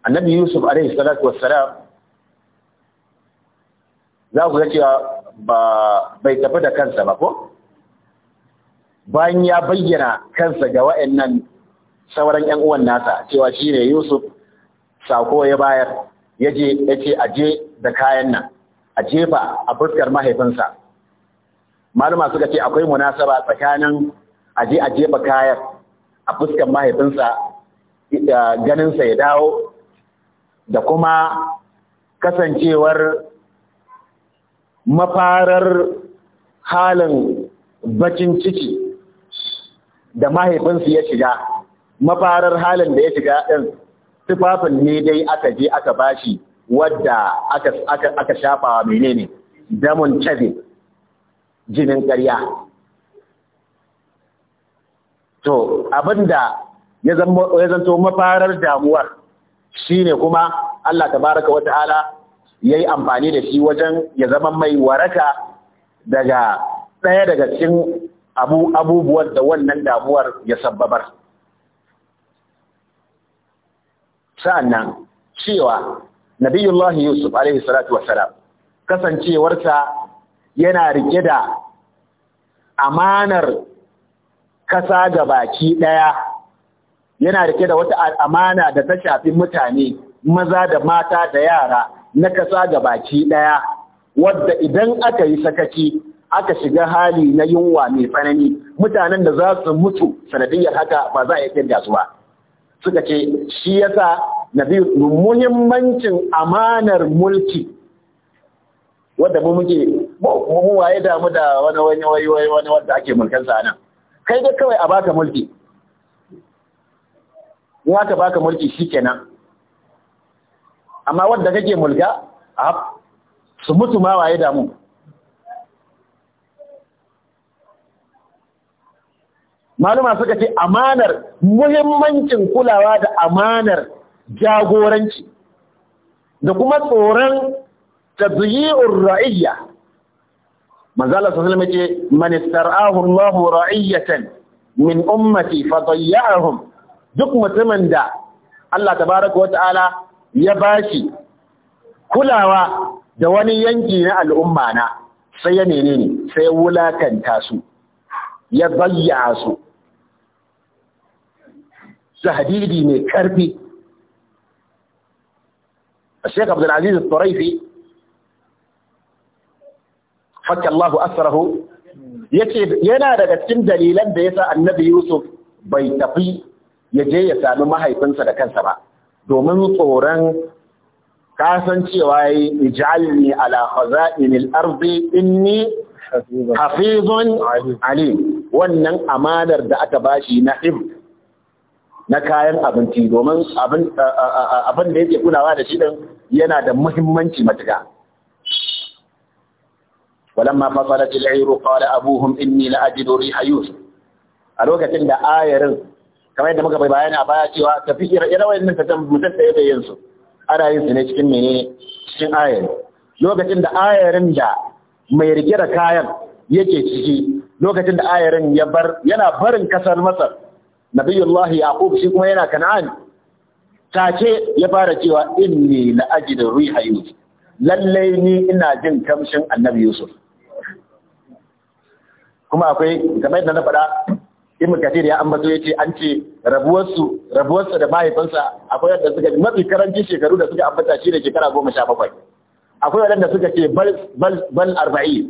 S1: annabi yusuf alaihi salatu wassalam za ku ga cewa ba bai tafi da kansa ba ko bayan ya bayyana kansa ga wa'annan sauran yan uwan nasa cewa shi ne yusuf sako ya bayar ya je ya ce aje da kayan nan a jefa a fuskar mahaifinsa maluma suka ce akwai munasaba tsakanin aje a jefa kayan a fuskar mahaifinsa eh, ganinsa ya dawo da kuma kasancewar mafarar halin bakin ciki da mahaifinsu ya shiga mafarar halin da ya shiga ɗin tufafin ne dai aka je aka bashi wadda aka shafa wa menene damun cabe jinin ƙarya to abinda ya zanto mafarar damuwar Shi ne kuma Allah ta tabaraka wa ta'ala yi amfani da shi wajen ya zama mai waraka daga ɗaya daga cikin abubuwan da wannan damuwar ya sabbabar sa'annan cewa nabiyullahi yusuf alaihi salatu Wasala kasancewarsa yana rike da amanar kasa ga baki ɗaya yana rike da wata amana da ta shafi mutane maza da mata da yara na kasa ga baki ɗaya wadda idan aka yi sakaci aka shiga hali na yunwa mai tsanani mutanen da za su mutu sanadiyar haka ba za a kirga su ba suka ce shi yasa nabi muhimmancin amanar mulki wadda mu muke mu waye damu da wani wani wani wani wanda ake mulkansa nan kai da kawai a baka mulki in aka baka mulki shikenan amma wanda kake mulka a su mutu ma waye damu maluma suka ce amanar muhimmancin kulawa da amanar jagoranci da kuma tsoron tabi'ur ra'iyya manzala sallallahu alaihi wasallam ce man istara'ahu Allahu ra'iyatan min ummati fadayya'ahum duk mutumin da Allah tabaraka wata'ala ya bashi kulawa da wani yanki na al'umma na sai ya menene sai wulakanta su ya bayya su hadidi mai karfi الشيخ عبد العزيز الطريفي فك الله Allah يكيب yana daga cikin dalilan da yasa annabi Yusuf bai tafi ya je ya sami mahaifinsa da kansa ba domin tsoron kasan cewa yi ijalni ala khaza'inil ardi inni hafizun alim wannan amanar da aka bashi na him na kayan abinci domin abin da yake kulawa da shi din yana da muhimmanci matuka ولما فصلت العير قال أبوهم إني لأجد ريح يوسف a lokacin da ayarin kamar yadda muka bai bayani a baya cewa tafi ire-iren wayannan tafiyan mutum ɗaya da yin su ana yin su ne cikin menene cikin ayari lokacin da ayarin da mai rike da kayan yake ciki lokacin da ayarin ya bar yana barin kasar masar ya yaqub shi kuma yana kan'an tace ya fara cewa inni la ajidu riha yusuf Lallai ni ina jin kamshin annabi yusuf kuma akwai kamar da na faɗa ibn kathir ya ambato yace an ce rabuwarsu rabuwarsa da mahaifinsa akwai wanda suka mafi karanci shekaru da suka ambata shi da shekara goma sha bakwai akwai wanda suka ce bal bal bal arba'in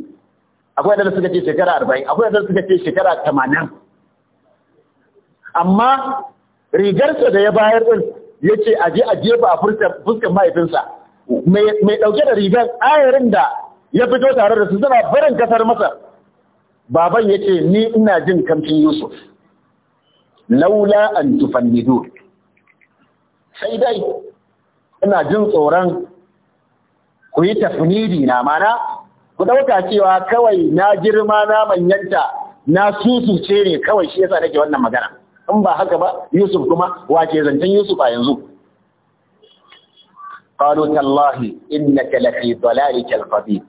S1: akwai wanda suka ce shekara arba'in akwai wanda suka ce shekara tamanin amma rigarsa da ya bayar din ya ce a je a jefa a fuskar mahaifinsa mai ɗauke da rigar ayarin da ya fito tare da su suna barin kasar masar baban ya ce ni ina jin kamfin Yusuf laula an tufannidu sai dai ina jin tsoron ku yi tafnidi na mana ku dauka cewa kawai na girma na manyanta na susuce ne kawai shi yasa nake wannan magana in ba haka ba Yusuf kuma wace zancen Yusuf a yanzu قالوا تالله إنك لفي ضلالك القديم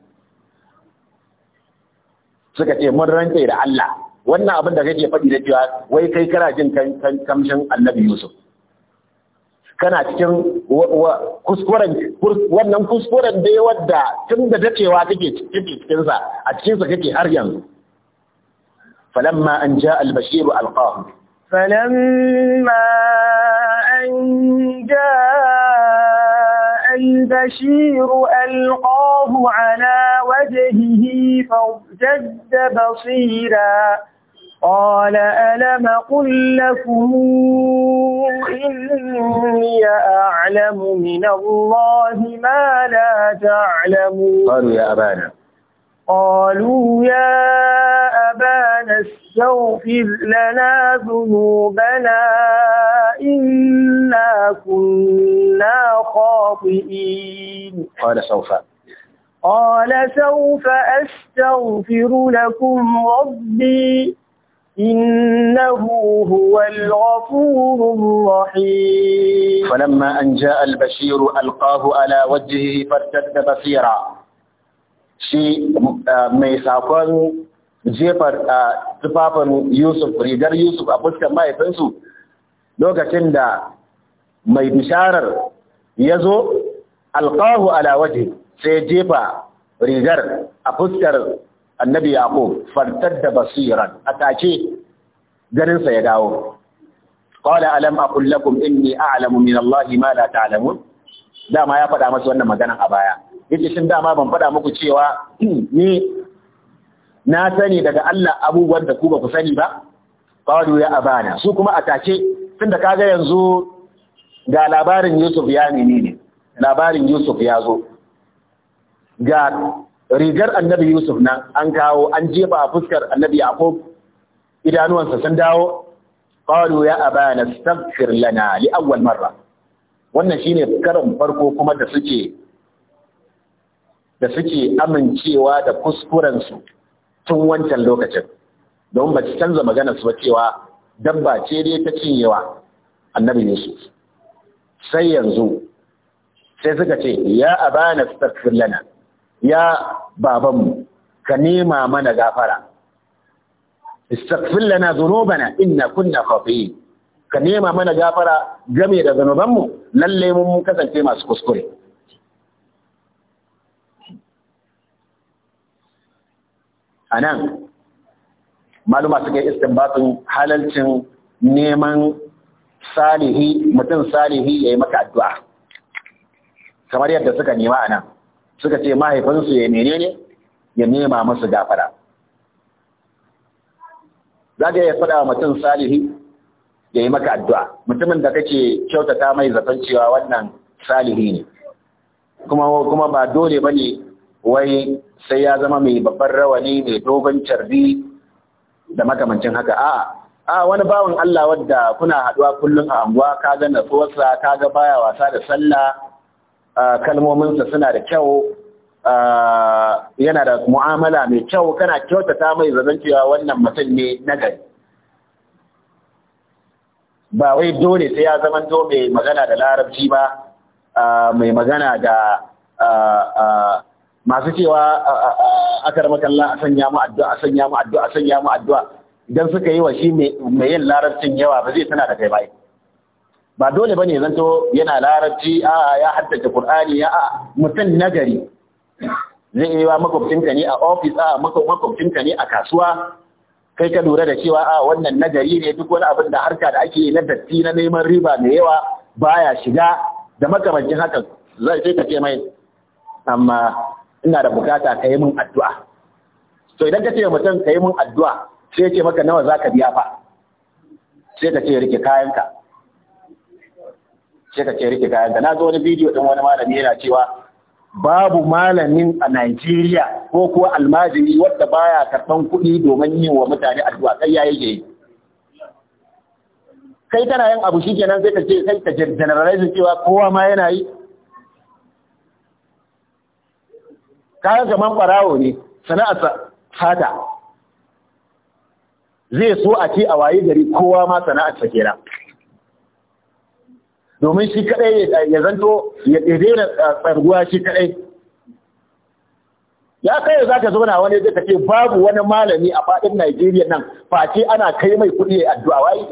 S1: suka ce mun rantse da Allah wannan abin da kake faɗi da cewa wai kai kana jin kamshin annabi Yusuf kana cikin kuskuren wannan kuskuren dai wadda tun da dacewa kake cikin sa a cikin sa kake har yanzu falamma an ja al-bashir alqahu
S3: falamma an ja البشير ألقاه على وجهه فارتد بصيرا قال ألم قل لكم إني أعلم من الله ما لا تعلمون قالوا يا أبانا قالوا يا أبانا استغفر لنا ذنوبنا إنا كنا خاطئين قال سوف قال سوف أستغفر لكم ربي إنه هو الغفور الرحيم
S1: فلما أن جاء البشير ألقاه على وجهه فارتد بصيرا شيء آه، يسعفون jefa tufafin Yusuf rigar Yusuf a fuskar mahaifinsu lokacin da mai bisharar ya zo alkahu ala waje sai jefa rigar a fuskar annabi yaƙo fartar da basiran atake ganin sa ya dawo qala alam aqul lakum inni a'lamu min allahi ma la ta'lamun dama ya faɗa masu wannan magana a baya Yake shin dama ban faɗa muku cewa ni na sani daga Allah abubuwan da ku ba ku sani ba qalu ya abana su kuma atake tunda kaga yanzu ga labarin Yusuf ya nene ne labarin Yusuf ya zo ga rigar annabi Yusuf na an kawo an jefa a fuskar annabi Yaqub idanuwansa sun dawo qalu ya abana astaghfir lana li awwal marra wannan shine karon farko kuma da suke da suke amincewa da kuskuren su tun wancan lokacin don ba ci canza magana su ba cewa dabba ce dai ta cinyewa annabi yusuf sai yanzu sai suka ce ya abana astaghfir lana ya babanmu ka nema mana gafara istaghfir lana dhunubana inna kunna kwafi ka nema mana gafara game da zanubanmu lallai mun kasance masu kuskure a nan maluma suka yi istinbatin halalcin neman salihi mutum salihi ya yi maka addu'a kamar yadda suka nema a nan suka ce mahaifinsu ya menene ya nema musu gafara za ka iya faɗa mutum salihi ya yi maka addu'a mutumin da kake kyautata mai zaton wannan salihi ne kuma ba dole ba ne wai sai ya zama mai babban rawani mai dogon carbi da makamancin haka a'a a wani bawan Allah wadda kuna haɗuwa kullum a anguwa ka ga natsuwarsa ka ga baya wasa da sallah kalmominsa suna da kyau yana da mu'amala mai kyau kana kyautata mai zaton cewa wannan mutum ne na gari ba wai dole sai ya zama to mai magana da larabci ba mai magana da masu cewa a karama kalla a sanya mu addu'a a sanya mu addu'a a sanya mu addu'a idan suka yi wa shi mai yin larabcin yawa ba zai tana da kai bai ba dole bane to yana larabci a ya haddace qur'ani ya a mutum nagari zai yi wa ka ne a ofis a ka ne a kasuwa kai ka lura da cewa a wannan nagari ne duk wani abin da harka da ake yi na datti na neman riba mai yawa baya shiga da makamancin haka zai sai ka ce mai amma ina da bukata ka yi min addu'a to idan ka ce mutum ka yi min addu'a sai ya ce maka nawa za ka biya fa sai ka ce rike kayanka sai ka ce rike kayanka na zo wani bidiyo ɗin wani malami yana cewa babu malamin a Najeriya ko kuwa almajiri wadda baya karɓan kuɗi domin yin wa mutane addu'a kai ya yake kai tana yin abu shi kenan sai ka ce sai ka generalize cewa kowa ma yana yi kaga zaman barawo ne sana'arsa fata zai so a ce a waye gari kowa ma sana'arsa kenan domin shi kadai ya zanto ya dena tsarguwa shi kadai ya kai za ka zauna wani zai kace babu wani malami a fadin Najeriya nan face ana kai mai kuɗi a addu'a wai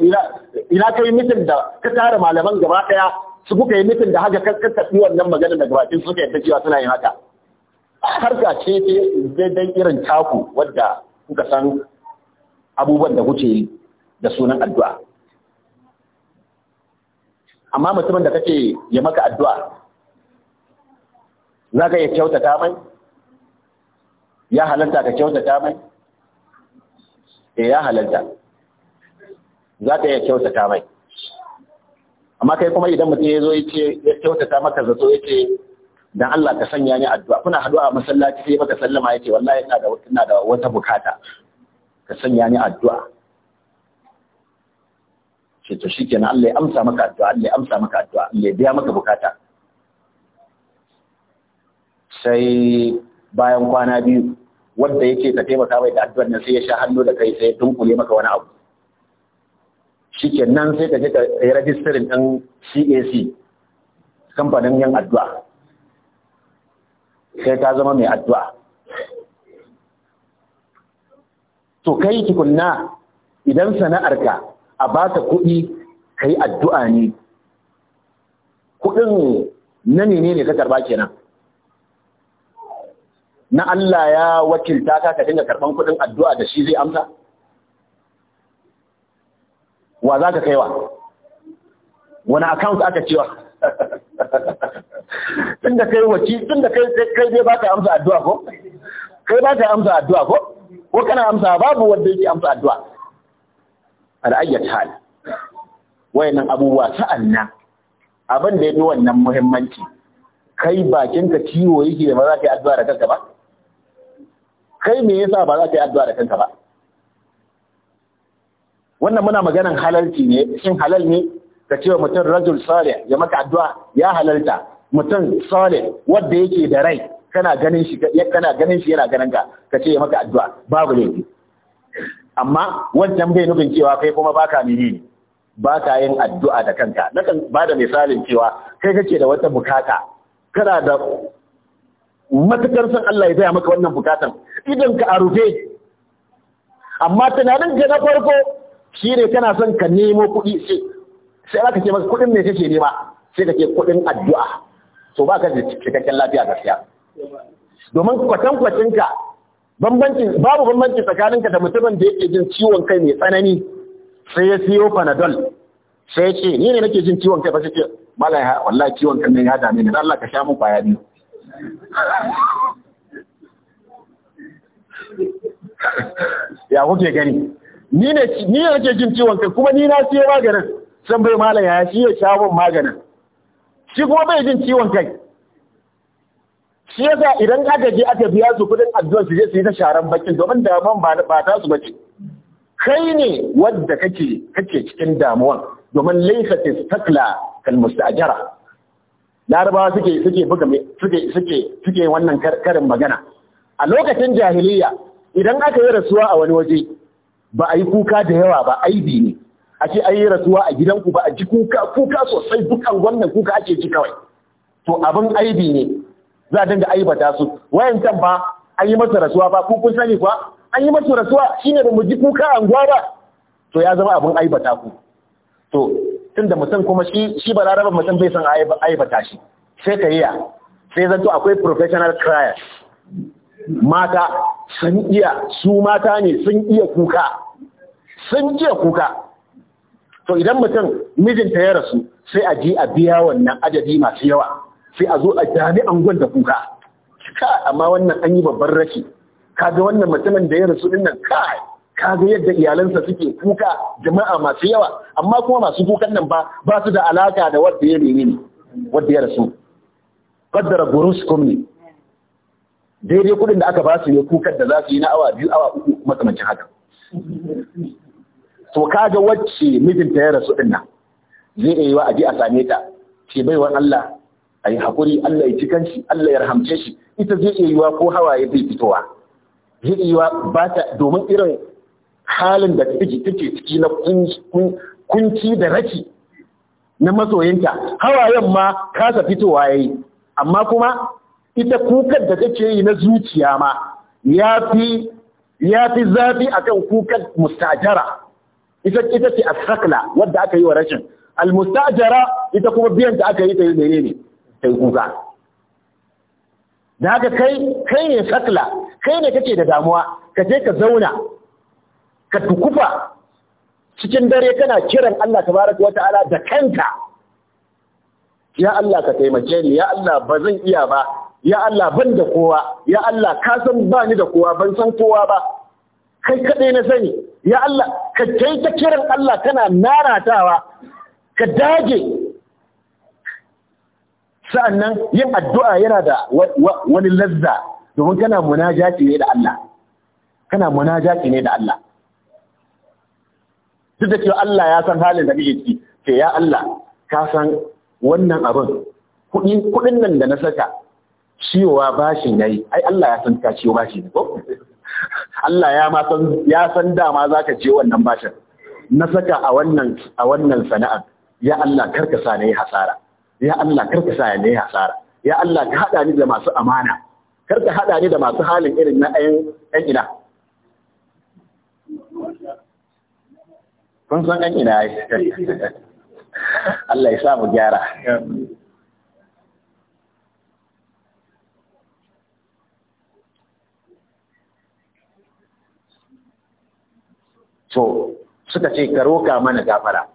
S1: ina kai mitin da ka tara malaman gaba daya su kuka yi mitin da haka kakkafi wannan magana daga bakin suka yadda cewa suna yin haka harka ce dai irin taku wadda kuka san abubuwan da kuke da sunan addu'a amma mutumin da kake ya maka addu'a za ka iya kyautata mai ya halarta ka kyautata mai e ya halarta za ka iya kyautata mai amma kai kuma idan mutum ya zo ya kyautata maka zato ya ce dan Allah ka sanya ni addu'a kuna haduwa a masallaci sai baka sallama yace wallahi ina da ina da wata bukata ka sanya ni addu'a ce to shikenan Allah ya amsa maka addu'a Allah ya amsa maka addu'a Allah ya biya maka bukata sai bayan kwana biyu wanda yake ka taimaka mai da addu'ar nan sai ya sha hannu da kai sai ya tunkule maka wani abu shikenan sai ka je ka yi rajistarin ɗin CAC kamfanin yan addu'a sai ta zama mai addu'a to kai ki kunna idan sana'arka a ba ta kuɗi ka yi addu'a ne kuɗin na menene ne ka karba kenan na Allah ya wakilta ka ka dinga karban kuɗin addu'a da shi zai amsa wa za ka kaiwa wani account aka cewa tun da kai waci tun da kai kai ba ka amsa addu'a ko kai ka amsa addu'a ko ko kana amsa babu wanda yake amsa addu'a ala ayyat hal wayannan abubuwa sa'anna abin da yafi wannan muhimmanci kai bakinka ciwo yake da ba za ka yi addu'a da kanka ba kai me yasa ba za ka yi addu'a da kanka ba wannan muna maganan halalci ne shin halal ne ka ce wa mutum rajul salih ya maka addu'a ya halalta mutum solid wadda yake da rai kana ganin shi kana ganin shi yana ganin ka ka ce maka addu'a babu laifi amma wancan bai nufin cewa kai kuma baka menene baka yin addu'a da kanka nakan bada misalin cewa kai kake da wata bukata kana da matukar san Allah ya zaya maka wannan bukatan idan ka a rufe amma tunanin ka na farko shine kana son ka nemo kuɗi sai sai aka ce maka kuɗin ne kake nema sai ka ce kuɗin addu'a so ba ka da cikakken lafiya gaskiya domin ka bambancin babu bambanci tsakaninka da mutumin da yake jin ciwon kai mai tsanani sai ya siyo panadol sai ya ce ni ne nake jin ciwon kai ba sai ce malai wallahi ciwon kai ne ya dame ni Allah ka sha mu kwaya biyu ya kuke gani ni ne ni ne nake jin ciwon kai kuma ni na siyo maganin san bai malai ya shi shawon maganin shi kuma bai jin ciwon kai shi yasa idan aka je aka biya su kudin addu'ar su je su yi ta sharan bakin domin damuwan ba ta su bace kai ne wanda kake kake cikin damuwan domin laysa tistakla kal mustajara larabawa suke suke buga suke suke suke wannan karin magana a lokacin jahiliya idan aka yi rasuwa a wani waje ba a yi kuka da yawa ba aibi ne a ce an yi rasuwa a gidanku ba a ji kuka kuka sosai dukkan wannan kuka ake ji kawai to abin aibi ne za a dinga aibata su wayan can ba an yi masa rasuwa ba ku kun sani kuwa an yi masa rasuwa shine ba mu ji kuka anguwa ba to ya zama abin aibata ku to da mutum kuma shi shi balaraba mutum bai san aibata shi sai ka yi sai zanto akwai professional criers mata sun iya su mata ne sun iya kuka sun iya kuka to idan mutum mijinta ya rasu sai a ji a biya wannan adadi masu yawa sai a zo a jami'an gwal da kuka ka amma wannan an yi babban rashi ga wannan mutumin da ya rasu din nan ka kaga yadda iyalansa suke kuka jama'a masu yawa amma kuma masu kukan nan ba ba su da alaka da wanda ya nemi ne wanda ya rasu qaddara ne daidai kudin da aka ba su ne kukan da za su yi na awa biyu awa uku makamancin haka to kaga wacce mijinta ya rasu dinnan, zai iya yi wa aje a same ta ke baiwan Allah a yi haƙuri Allah ya ci kanshi Allah ya rahamce shi ita zai iya yi wa ko hawaye bai fitowa zai iya yi wa ba ta domin irin halin da take take ciki na kunci da raki na masoyinta hawayen ma kasa fitowa yi. amma kuma ita kukan da take yi na zuciya ma ya fi zafi akan kukan mustajara ita ita ce asakla wadda aka yi wa rashin almustajara ita kuma biyan da aka yi ta yi menene ta kuka da haka kai kai ne sakla kai ne kake da damuwa ka je ka zauna ka tukufa cikin dare kana kiran Allah tabaraka wata'ala da kanka ya Allah ka taimake ni ya Allah ba zan iya ba ya Allah ban da kowa ya Allah ka san ba ni da kowa ban san kowa ba kai kadai na sani ya Allah ka kai ta kiran Allah kana naratawa ka dage sa'annan yin addu'a yana da wani lazza domin kana munajati ne da Allah kana munajati ne da Allah duk da cewa Allah ya san halin da kake ciki ce ya Allah ka san wannan abin kuɗin kudin nan da na saka ciwowa bashin yayi ai Allah ya san ka ciwo bashin ko Allah ya ma san ya san dama zaka je wannan bashin na saka a wannan a wannan sana'a ya Allah karka sa ne hasara ya Allah karka sa ne hasara ya Allah ka hada ni da masu amana karka hada ni da masu halin irin na ayin ɗan ina kun san ɗan ina Allah ya sa mu gyara to suka ce ka roka mana gafara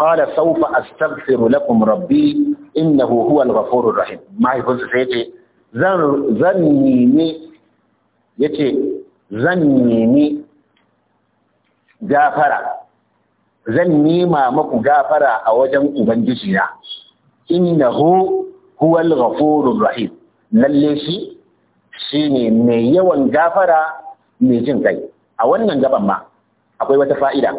S1: qala sawfa astaghfiru lakum rabbi innahu huwal ghafurur rahim mahaifinsa sai yace zan zan nemi yace zan nemi gafara zan nema maku gafara a wajen ubangiji na innahu huwal ghafurur rahim lalle shi shine mai yawan gafara mai jin kai a wannan gaban ma akwai wata fa'ida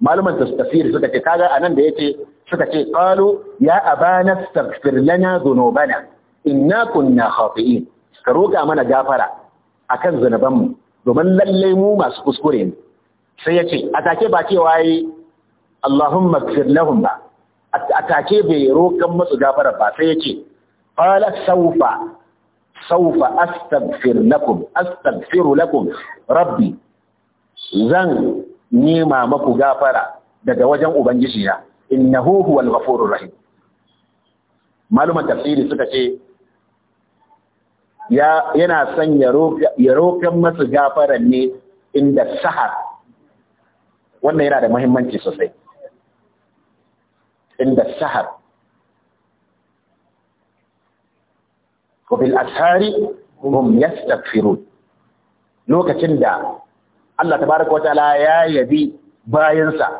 S1: maluman tafsir suka ce kaga anan da yace suka ce qalu ya abana astaghfir lana dhunubana inna kunna khati'in ka roka mana gafara a kan mu domin lallai mu masu kuskure ne sai A take ba cewa waye Allahumma ighfir lahum ba atake bai rokan masu gafara ba sai yace qala saufa, saufa astaghfir lakum astaghfiru lakum rabbi zan nema maku gafara daga wajen ubangiji na innahu huwal ghafurur rahim maluman tafsiri suka ce yana son ya roƙan masu gafara ne inda sahar wannan yana da muhimmanci sosai inda sahar wabil ashari hum yastaghfirun lokacin da Allah tabaraka wataala ya yabi bayansa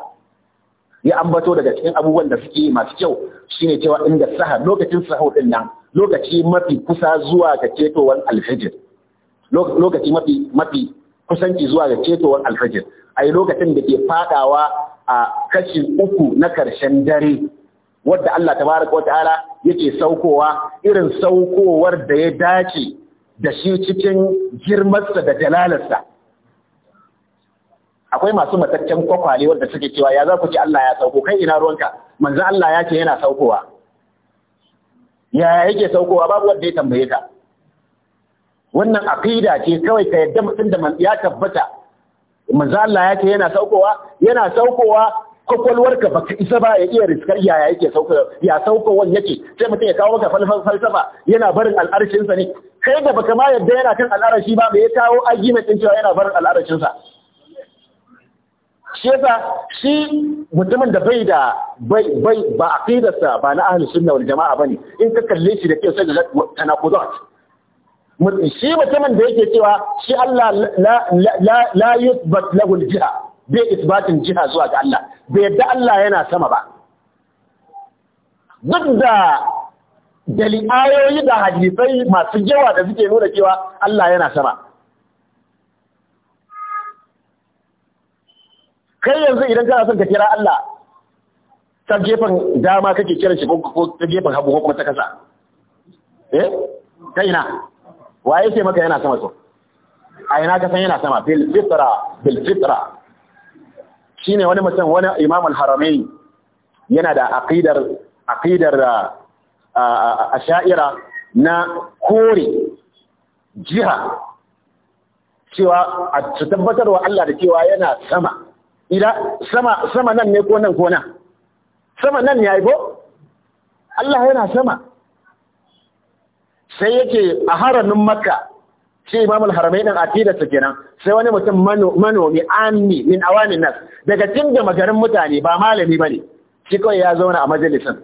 S1: ya ambato daga cikin abubuwan da suke masu kyau shine cewa inda sahar lokacin sahur din nan lokaci mafi kusa zuwa ga cetowar alfajir lokaci mafi mafi kusanci zuwa ga cetowar alfajir ai lokacin da ke fadawa a kashi uku na karshen dare wadda Allah tabaraka wataala yake saukowa irin saukowar da ya dace da shi cikin girmarsa da jalalarsa akwai masu mataccen kwakwale wanda suke cewa ya za ku ci Allah ya sauko kai ina ruwanka manzo Allah ya ce yana saukowa ya yake saukowa babu wanda ya tambaye ka wannan aqida ce kawai ka yadda mutum da ya tabbata manzo Allah ya ce yana saukowa yana saukowa kwakwalwarka ba ka isa ba ya iya riskar yaya yake ya sauko wani yake sai mutum ya kawo maka falsafa yana barin al'arshinsa ne kai da baka ma yadda yana kan al'arashi ba bai kawo argument din cewa yana barin al'arashinsa shi yasa shi mutumin da bai da bai bai ba aqidarsa ba na ahlus sunna wal jama'a ne, in ka kalle shi da kyau sai da tanakudat shi mutumin da yake cewa shi Allah la la la yuthbat jiha bai isbatin jiha zuwa ga Allah bai yadda Allah yana sama ba duk da dalilayoyi da hadisai masu yawa da suke nuna cewa Allah yana sama kai yanzu idan kana son ka kira Allah ta gefen dama kake kiran shi ko ta gefen hagu ko kuma ta kasa eh kai na, waye sai maka yana sama so a ina ka san yana sama bil fitra bil fitra shine wani mutum wani imam al-haramain yana da aqidar aqidar Sha'ira na kore jiha cewa a tabbatarwa Allah da cewa yana sama ila sama sama nan ne ko nan ko nan sama nan ne ko Allah yana sama sai yake a haramin makka shi imamul haramain din akidarsa kenan sai wani mutum manomi ammi min awamin nas daga cikin da mutane ba malami bane shi kawai ya zauna a majalisin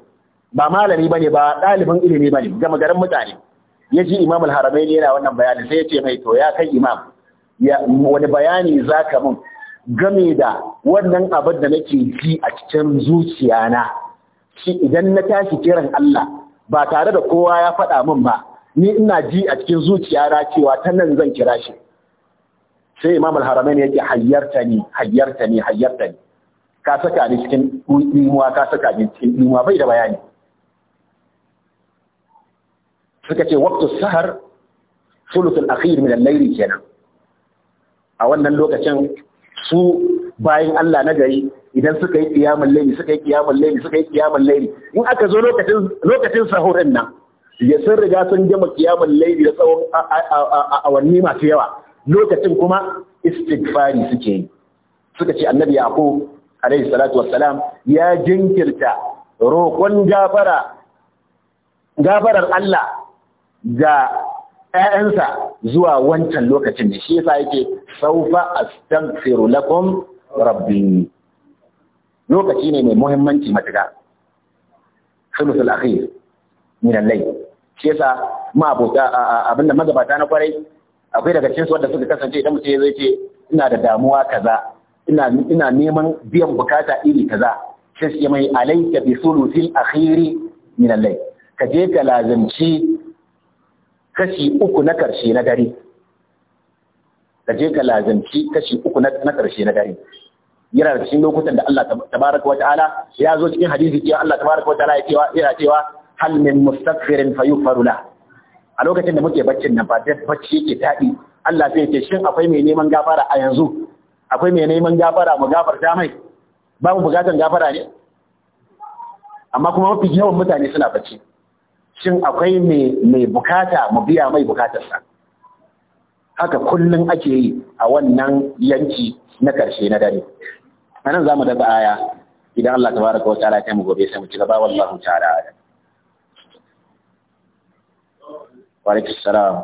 S1: ba malami bane ba ɗalibin ilimi bane ga mutane ya ji imamul haramain yana wannan bayanin sai ya ce mai to ya kai imam wani bayani zaka mun game da wannan abin da nake ji a cikin zuciyana shi idan na tashi kiran Allah ba tare da kowa ya faɗa min ba ni ina ji a cikin zuciyana cewa ta nan zan kira shi sai imam al-haramain yake hayyarta ni hayyarta ni hayyarta ni ka saka ni cikin dimuwa ka saka ni cikin dimuwa bai da bayani suka ce waqtu sahar thuluth al-akhir min al-layl kenan a wannan lokacin su bayan Allah na gari idan suka yi kiyamun laili suka yi kiyamun laili suka yi kiyamun laili in aka zo lokacin lokacin sahurin nan ya sun riga sun gama kiyamun laili da tsawon awanni masu yawa lokacin kuma istighfari suke yi suka ce annabi yaqub alaihi salatu wassalam ya jinkirta roƙon gafara gafarar Allah da ƴaƴansa zuwa wancan lokacin da shi yasa yake saufa astaghfiru lakum rabbi lokaci ne mai muhimmanci matuka sulusul akhir min al-layl shi yasa ma abota abinda magabata na kwarai akwai daga cikin su wanda suka kasance idan mutum zai ce ina da damuwa kaza ina ina neman biyan bukata iri kaza sai su mai alayka bi sulusil akhir min al-layl ka je ka lazimci kashi uku na ƙarshe na dare ka je ka lazanci kashi uku na ƙarshe na dare yana da cikin lokutan da Allah tabaraka wa ta'ala ya zo cikin hadisi cewa Allah tabaraka wa ta'ala ya cewa yana cewa hal min mustaghfirin fayughfaru la a lokacin da muke baccin nan ba bacci yake daɗi Allah sai ce shin akwai mai neman gafara a yanzu akwai mai neman gafara mu gafarta mai ba mu bukatan gafara ne amma kuma mafi yawan mutane suna bacci shin akwai mai bukata mu biya mai bukatarsa haka kullum ake yi a wannan yanki na karshe na dare a nan za mu daba aya idan Allah ta baraka wata ala mu gobe sai mu ci gaba wallahu ta'ala ala wa alaikum salam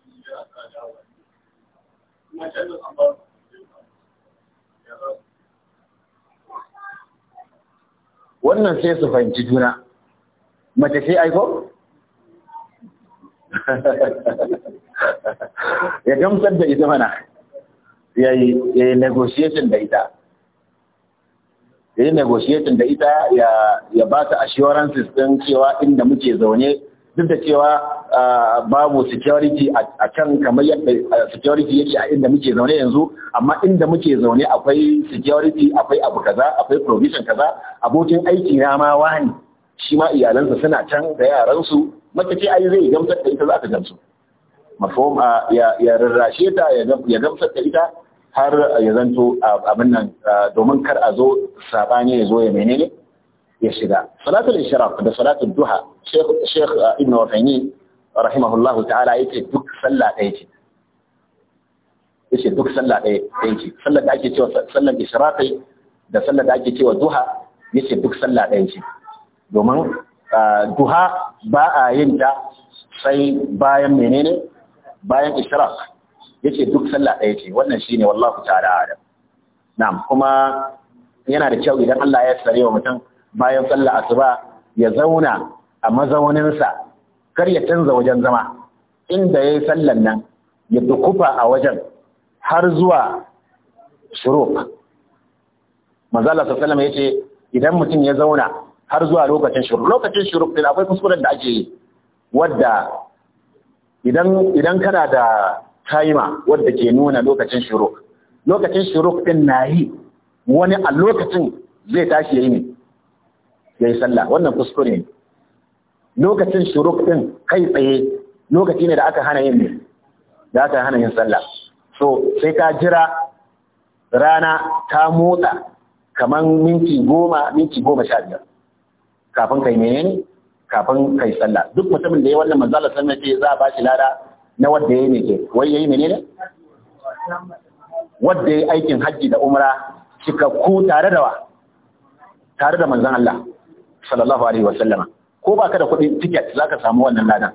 S1: wannan sai su fahimci juna mace sai aiko? ya gamsar da ita mana ya yi negotiation da ita ya yi negotiation da ita ya ba ta assurances din cewa inda muke zaune duk da cewa babu security a can kamar yadda security yake a inda muke zaune yanzu amma inda muke zaune akwai security akwai abu kaza akwai provision kaza abokin aiki na ma wani shi ma iyalansa suna can da yaransu mace ce ai zai gamsar da ita za ta gamsu mafhum ya rarrashe ta ya gamsar da ita har ya zanto abin nan domin kar a zo sabani ya zo ya menene ya shiga salatul ishraq da salatul duha sheikh uh, ibn wafani rahimahullah ta'ala yake duk sallah ɗaya ce yace duk sallah ɗaya ɗaya ce sallar da ake cewa sallar ishraqi da sallar da ake cewa duha yace duk sallah ɗaya ce domin uh, duha ba a yin ta sai bayan menene bayan ishraq yace duk sallah ɗaya ce wannan shine wallahu ta'ala alam na'am kuma yana da kyau idan Allah ya sare wa mutum bayan sallah asuba ya zauna a mazauninsa kar ya canza wajen zama inda ya yi sallan nan ya dukufa a wajen har zuwa shuruk mazala sassalama ya ce idan mutum ya zauna har zuwa lokacin shuruk lokacin shuruk din akwai kuskuren da ake yi wadda idan kana da taima wadda ke nuna lokacin shuruk lokacin shuruk din na yi wani a lokacin zai tashi ya yi ne ya yi sallah wannan kuskure ne lokacin shuruk din kai tsaye lokaci ne da aka hana yin da aka hana yin sallah so sai ka jira rana ta motsa kamar minti goma minti goma sha biyar kafin kai menene kafin kai sallah duk mutumin da ya wannan manzala sallah ce za a ba shi lada na wadda ya yi ne ke wai ya yi ne? Wadda ya yi aikin hajji da umra cikakku tare da wa tare da manzan Allah sallallahu alaihi wasallama ko baka da kuɗin ticket zaka samu wannan ladan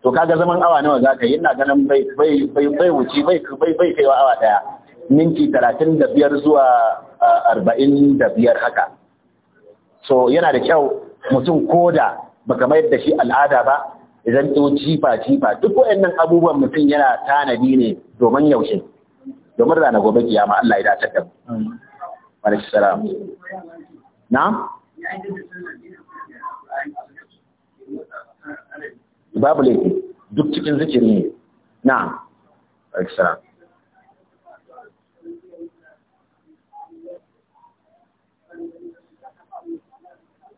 S1: to kaga zaman awa nawa zaka yi ina ganin bai bai bai bai wuci bai bai bai kaiwa awa daya minti 35 zuwa 45 haka so yana da kyau mutum koda baka mayar da shi al'ada ba idan to jifa jifa duk wayannan abubuwan mutum yana tanadi ne domin yaushe domin rana gobe kiyama Allah ya dace da mu. Wa alaikum salam. Na'am. babu laifi duk cikin zikiri ne na aiksa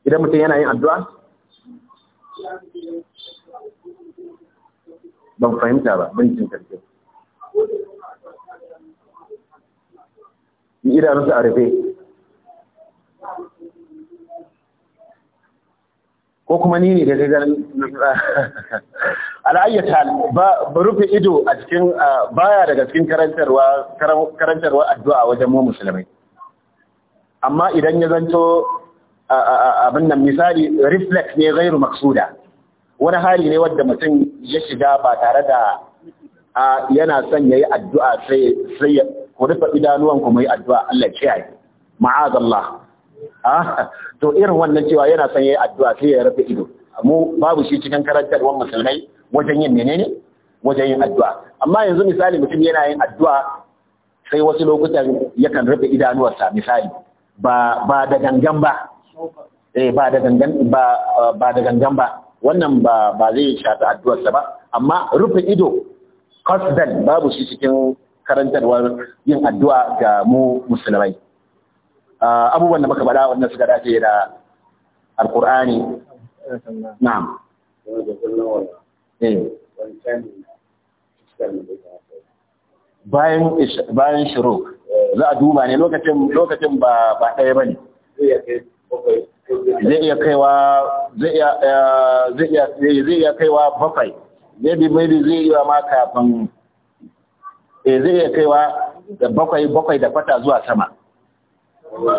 S1: idan mutum yana yin addu'a ban fahimta ba bincin karfe idanunsa a rufe ko kuma ni ne da ga ganin al'ayyata ba rufe ido a cikin baya daga cikin karantarwa addu'a wajen mu musulmai amma idan ya zanto abin nan misali reflex ne zairu maksuda wani hali ne wadda mutum ya shiga ba tare da yana son yayi addu'a sai sai ku rufe idanuwan ku yi addu'a Allah ya kiyaye ma'azallah Ah, to irin wannan cewa yana son yayi addu'a sai ya rufe ido mu babu shi cikin karantarwar musulmai wajen yin menene wajen yin addu'a amma yanzu misali mutum yana yin addu'a sai wasu lokutan yakan rufe idanuwarsa misali ba ba da gangan ba eh ba da gangan ba ba da gangan ba wannan ba ba zai shafi addu'arsa ba amma rufe ido kasdan babu shi cikin karantarwar yin addu'a ga mu musulmai Ah, abubuwan da muka bada wannan suka dace da alkur'ani na'am eh. bayan bayan shiru za a duba ne lokacin lokacin ba ba ɗaya bane zai iya kaiwa zai iya eh, zai iya eh, zai iya kaiwa bakwai maybe maybe zai iya ma kafin eh zai iya kaiwa da bakwai bakwai da kwata zuwa sama za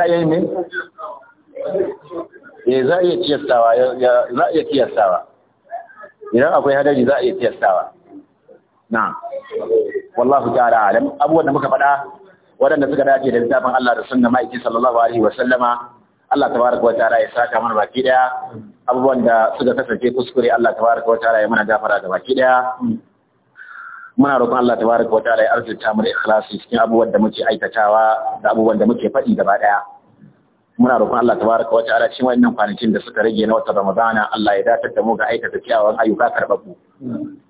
S1: a yi ne? eh za a iya ciyastawa za a iya idan akwai hadari za a iya ciyastawa na wallahu ta'ala alam abubuwan da muka faɗa waɗanda suka dace da littafin Allah da sunna ma'aiki sallallahu alaihi wa sallama Allah tabaraka wa ta'ala ya saka mana baki daya abubuwan da suka kasance kuskure Allah tabaraka wa ta'ala ya mana gafara da baki daya muna roƙon Allah tabaraka wa ta'ala ya arzuta mu da ikhlasi cikin abubuwan da muke aikatawa da abubuwan da muke faɗi gaba ɗaya muna roƙon Allah tabaraka wa ta'ala cikin wannan kwanakin da suka rage na watan Ramadana Allah ya dakatar da mu ga aikata kyawawan ayyuka karɓaɓɓu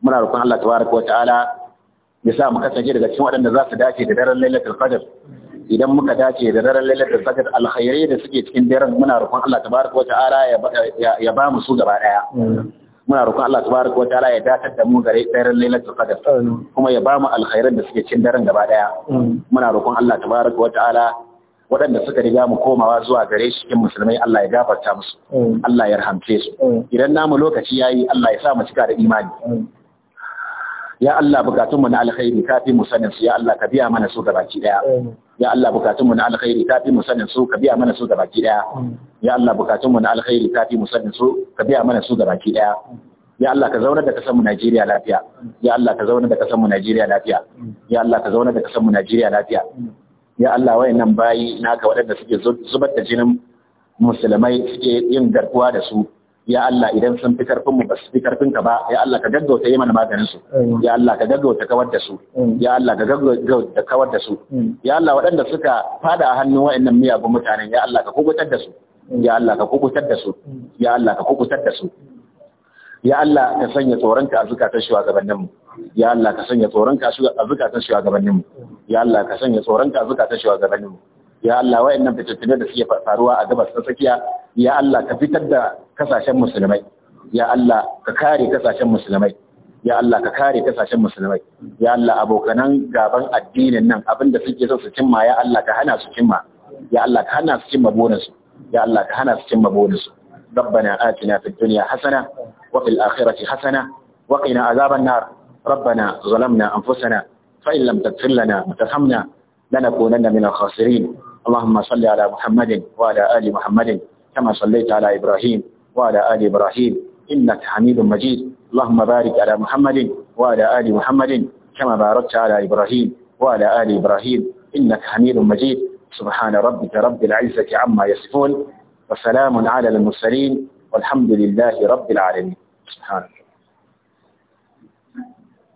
S1: muna roƙon Allah tabaraka wa ta'ala ya sa mu kasance daga cikin waɗanda za su dace da daren lailatul qadr idan muka dace da daren lailatul qadr alkhairai da suke cikin daren muna roƙon Allah tabaraka wa ta'ala ya ba mu su gaba ɗaya muna roƙon Allah tabaraka wataala ya dakatar da mu gare daren lailatul qadr kuma ya bamu alkhairan da suke cin daren gaba daya muna roƙon Allah tabaraka wataala waɗanda suka riga mu komawa zuwa gare shi cikin musulmai Allah ya gafarta musu Allah ya rahamce su idan namu lokaci yayi Allah ya sa mu cika da imani ya Allah bukatunmu na alkhairi ka fi musanin su ya Allah ka biya mana su gabaki daya ya Allah bukatunmu na alkhairi ka fi musanin su ka biya mana su gabaki daya ya Allah bukatunmu na alkhairi ka fi musanin su ka biya mana su gabaki daya ya Allah ka zauna da kasar mu Najeriya lafiya ya Allah ka zauna da kasar mu Najeriya lafiya ya Allah ka zauna da kasar mu Najeriya lafiya ya Allah wayannan bayi naka wadanda suke zubar da jinin musulmai suke yin garkuwa da su ya Allah idan sun fi karfin mu ba su fi karfin ka ba ya Allah ka gaggauta yi mana maganin su ya Allah ka gaggauta kawar da su ya Allah ka gaggauta kawar da su ya Allah waɗanda suka fada a hannun waɗannan miyagun mutanen ya Allah ka kukutar da su ya Allah ka kukutar da su ya Allah ka kukutar da su ya Allah ka sanya tsoronka a zukatan wa mu ya Allah ka sanya tsoronka a zukatan wa mu ya Allah ka sanya tsoronka a zukatan wa mu ya Allah wa'annan fitattune da suke faruwa a gabas ta tsakiya ya Allah ka fitar da kasashen musulmai ya Allah ka kare kasashen musulmai ya Allah ka kare kasashen musulmai ya Allah abokanan gaban addinin nan abinda suke son su cimma ya Allah ka hana su cimma ya Allah ka hana su cimma burin su ya Allah ka hana su cimma burin su ربنا آتنا في الدنيا حسنة وفي الآخرة حسنة وقنا عذاب النار ربنا ظلمنا أنفسنا فإن لم تغفر لنا وترحمنا لنكونن من الخاسرين اللهم صل على محمد وعلى آل محمد كما صليت على إبراهيم وعلى آل إبراهيم إنك حميد مجيد اللهم بارك على محمد وعلى آل محمد كما باركت على إبراهيم وعلى آل إبراهيم إنك حميد مجيد سبحان ربك رب العزة عما يصفون وسلام على المرسلين والحمد لله رب العالمين سبحانه